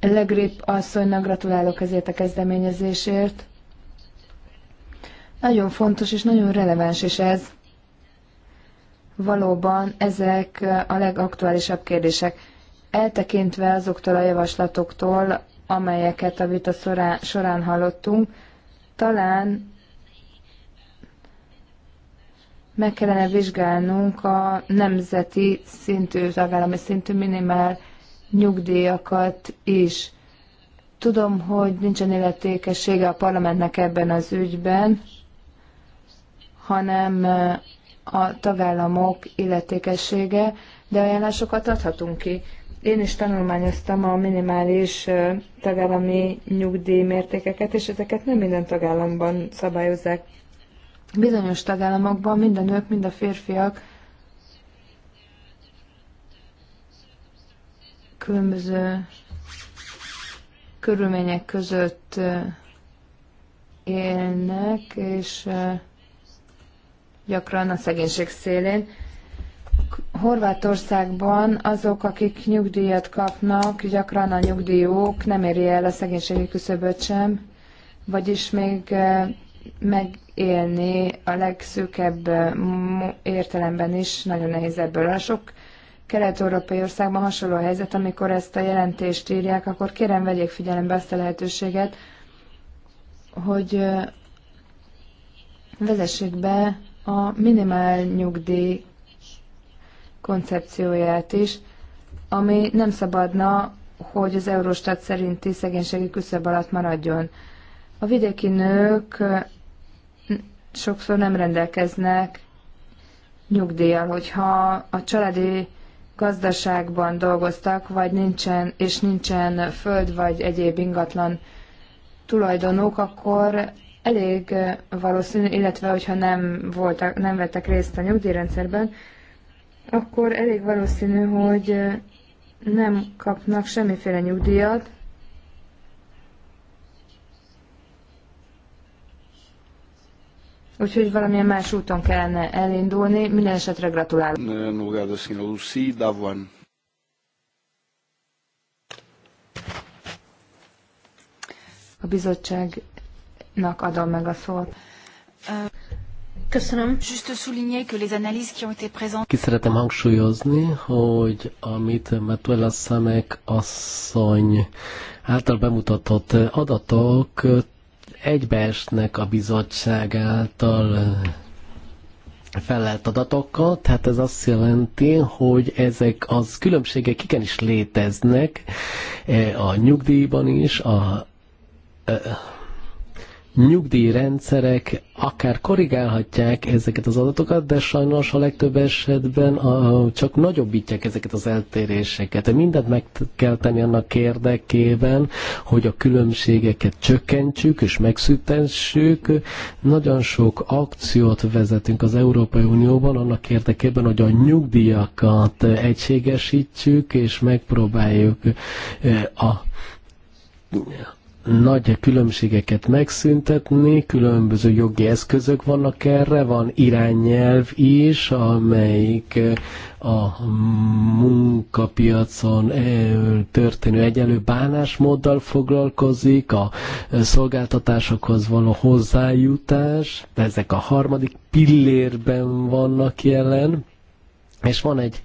Legrip asszonynak gratulálok ezért a kezdeményezésért. Nagyon fontos és nagyon releváns is ez. Valóban ezek a legaktuálisabb kérdések. Eltekintve azoktól a javaslatoktól, amelyeket a vita során, során hallottunk, talán meg kellene vizsgálnunk a nemzeti szintű, tagállami szintű minimál nyugdíjakat is. Tudom, hogy nincsen illetékessége a parlamentnek ebben az ügyben, hanem a tagállamok illetékessége, de ajánlásokat adhatunk ki. Én is tanulmányoztam a minimális tagállami mértékeket, és ezeket nem minden tagállamban szabályozzák. Bizonyos tagállamokban mind a nők, mind a férfiak különböző körülmények között élnek, és gyakran a szegénység szélén. Horvátországban azok, akik nyugdíjat kapnak, gyakran a nyugdíjuk nem éri el a szegénységi küszöböt sem, vagyis még eh, megélni a legszűkebb eh, értelemben is nagyon nehéz ebből. A sok kelet-európai országban hasonló helyzet, amikor ezt a jelentést írják, akkor kérem vegyék figyelembe azt a lehetőséget, hogy eh, vezessék be a minimál nyugdíj koncepcióját is, ami nem szabadna, hogy az Eurostat szerinti szegénységi küszöb alatt maradjon. A vidéki nők eh, sokszor nem rendelkeznek nyugdíjjal, hogyha a családi gazdaságban dolgoztak, vagy nincsen, és nincsen föld vagy egyéb ingatlan tulajdonok, akkor elég eh, valószínű, illetve hogyha nem, voltak, nem vettek részt a nyugdíjrendszerben, akkor elég valószínű, hogy nem kapnak semmiféle nyugdíjat, Úgyhogy valamilyen más úton kellene elindulni. Minden esetre
gratulálok.
A bizottságnak adom meg a szót. Köszönöm. Ki
szeretem hangsúlyozni, hogy amit Metuela Szemek asszony által bemutatott adatok egybeesnek a bizottság által felelt adatokkal, tehát ez azt jelenti, hogy ezek az különbségek igenis léteznek e, a nyugdíjban is, a e, nyugdíjrendszerek akár korrigálhatják ezeket az adatokat, de sajnos a legtöbb esetben a, csak nagyobbítják ezeket az eltéréseket. De Mindent meg kell tenni annak érdekében, hogy a különbségeket csökkentsük és megszüntessük. Nagyon sok akciót vezetünk az Európai Unióban annak érdekében, hogy a nyugdíjakat egységesítsük és megpróbáljuk eh, a nagy különbségeket megszüntetni, különböző jogi eszközök vannak erre, van irányelv is, amelyik eh, a munkapiacon eh, történő egyenlő bánásmóddal foglalkozik, a eh, szolgáltatásokhoz való hozzájutás, de ezek a harmadik pillérben vannak jelen, és van egy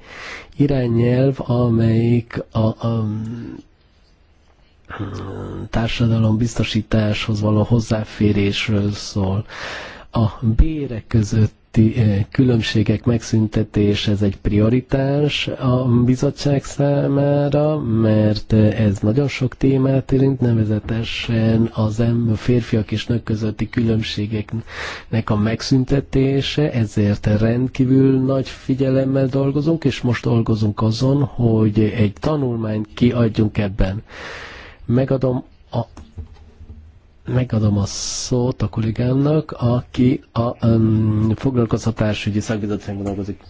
irányelv, amelyik a, a társadalom biztosításhoz való hozzáférésről szól. A bérek között közötti eh, különbségek megszüntetése ez egy prioritás a bizottság számára, mert eh, ez nagyon sok témát érint, nevezetesen az em férfiak és nők közötti különbségeknek a megszüntetése, ezért rendkívül nagy figyelemmel dolgozunk, és most dolgozunk azon, hogy egy tanulmányt kiadjunk ebben. Megadom a megadom a szót a kollégámnak, aki a um, foglalkoztatásügyi szakbizottságban dolgozik.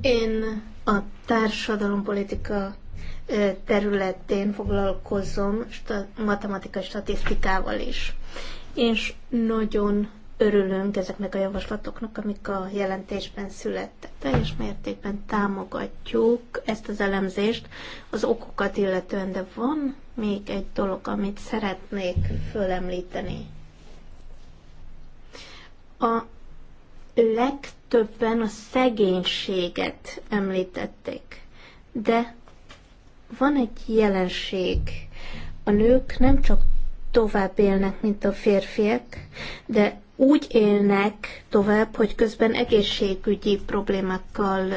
Én a társadalompolitika területén foglalkozom stat- matematikai statisztikával is, és nagyon örülünk ezeknek a javaslatoknak, amik a jelentésben születtek. Teljes mértékben támogatjuk ezt az elemzést az okokat illetően, de van még egy dolog, amit szeretnék fölemlíteni. A legtöbben a szegénységet említették, de van egy jelenség. A nők nem csak tovább élnek, mint a férfiak, de úgy élnek tovább, hogy közben egészségügyi problémákkal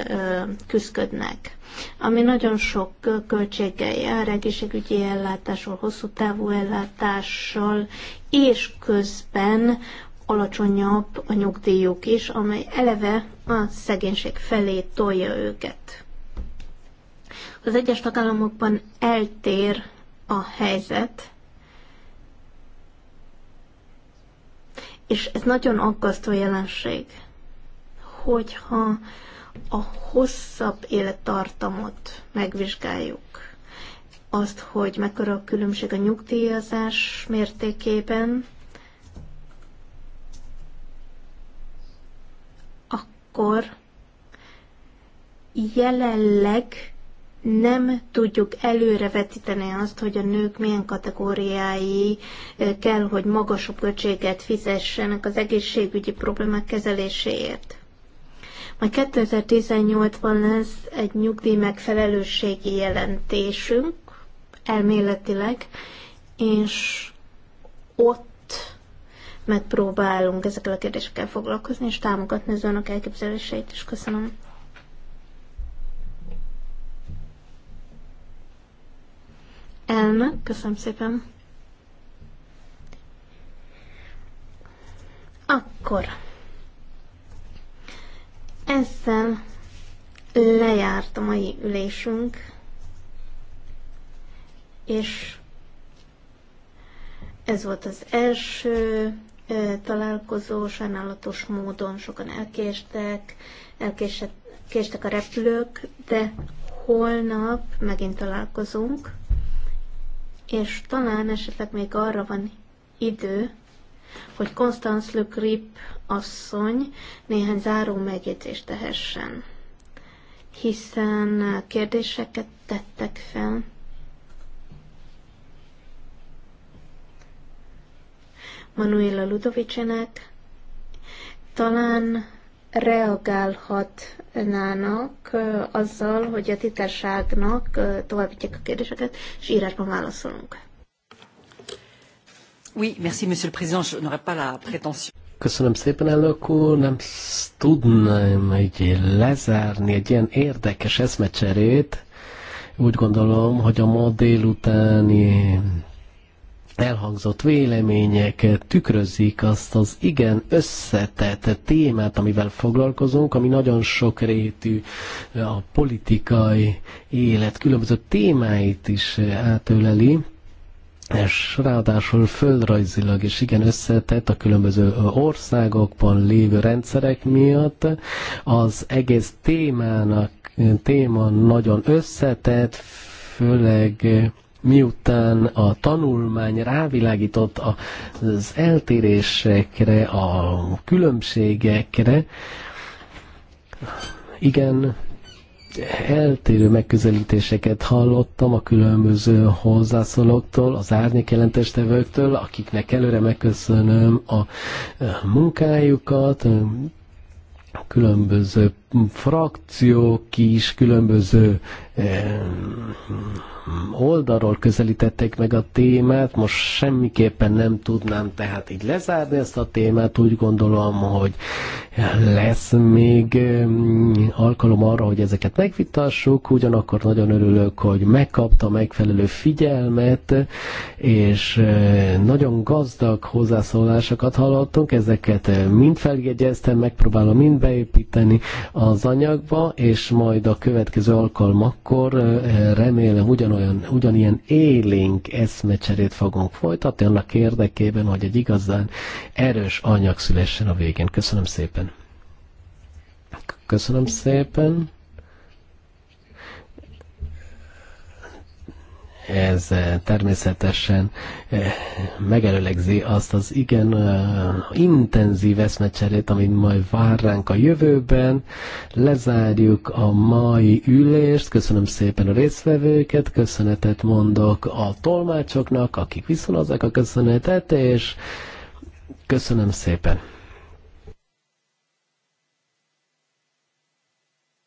küzdködnek, ami nagyon sok költséggel jár, egészségügyi ellátással, hosszú távú ellátással, és közben alacsonyabb a nyugdíjuk is, amely eleve a szegénység felé tolja őket. Az egyes tagállamokban eltér a helyzet, és ez nagyon aggasztó jelenség, hogyha a hosszabb élettartamot megvizsgáljuk, azt, hogy mekkora a különbség a nyugdíjazás mértékében, akkor jelenleg nem tudjuk előrevetíteni azt, hogy a nők milyen kategóriái kell, hogy magasabb költséget fizessenek az egészségügyi problémák kezeléséért. Majd 2018-ban lesz egy nyugdíj megfelelősségi jelentésünk, elméletileg, és ott megpróbálunk ezekkel a kérdésekkel foglalkozni, és támogatni az önök elképzeléseit is. Köszönöm. Elme, köszönöm szépen. Akkor ezzel lejárt a mai ülésünk, és ez volt az első találkozó, sajnálatos módon sokan elkéstek, elkéstek a repülők, de holnap megint találkozunk és talán esetleg még arra van idő, hogy Constance Le Grip asszony néhány záró megjegyzést tehessen, hiszen kérdéseket tettek fel. Manuela Ludovicsenek talán reagálhatnának azzal, hogy a titerságnak továbbítják a kérdéseket, és írásban válaszolunk.
Oui, merci, monsieur le président. Je n'aurais pas la prétention.
Köszönöm szépen, elnök úr. Nem tudnám egy lezárni egy ilyen érdekes eszmecserét. Úgy gondolom, hogy a ma délutáni elhangzott vélemények tükrözik azt az igen összetett témát, amivel foglalkozunk, ami nagyon sokrétű eh, a politikai élet különböző témáit is eh, átöleli, és ráadásul földrajzilag is igen összetett a különböző eh, országokban lévő rendszerek miatt. Az egész témának téma nagyon összetett, főleg miután a tanulmány rávilágított az eltérésekre, a különbségekre, igen, eltérő megközelítéseket hallottam a különböző hozzászólóktól, az árnyék jelentéstevőktől, akiknek előre megköszönöm a munkájukat, különböző frakciók is, különböző oldalról közelítették meg a témát, most semmiképpen nem tudnám tehát így lezárni ezt a témát, úgy gondolom, hogy lesz még alkalom arra, hogy ezeket megvitassuk, ugyanakkor nagyon örülök, hogy megkapta megfelelő figyelmet, és nagyon gazdag hozzászólásokat hallottunk, ezeket mind feljegyeztem, megpróbálom mind beépíteni az anyagba, és majd a következő alkalmak akkor remélem ugyanolyan, ugyanilyen élénk eszmecserét fogunk folytatni annak érdekében, hogy egy igazán erős anyag szülessen a végén. Köszönöm szépen! Köszönöm szépen! Ez eh, természetesen eh, megelőlegzi azt az igen eh, intenzív eszmecserét, amit majd vár ránk a jövőben. Lezárjuk a mai ülést. Köszönöm szépen a résztvevőket, köszönetet mondok a tolmácsoknak, akik viszonozzák a köszönetet, és köszönöm szépen.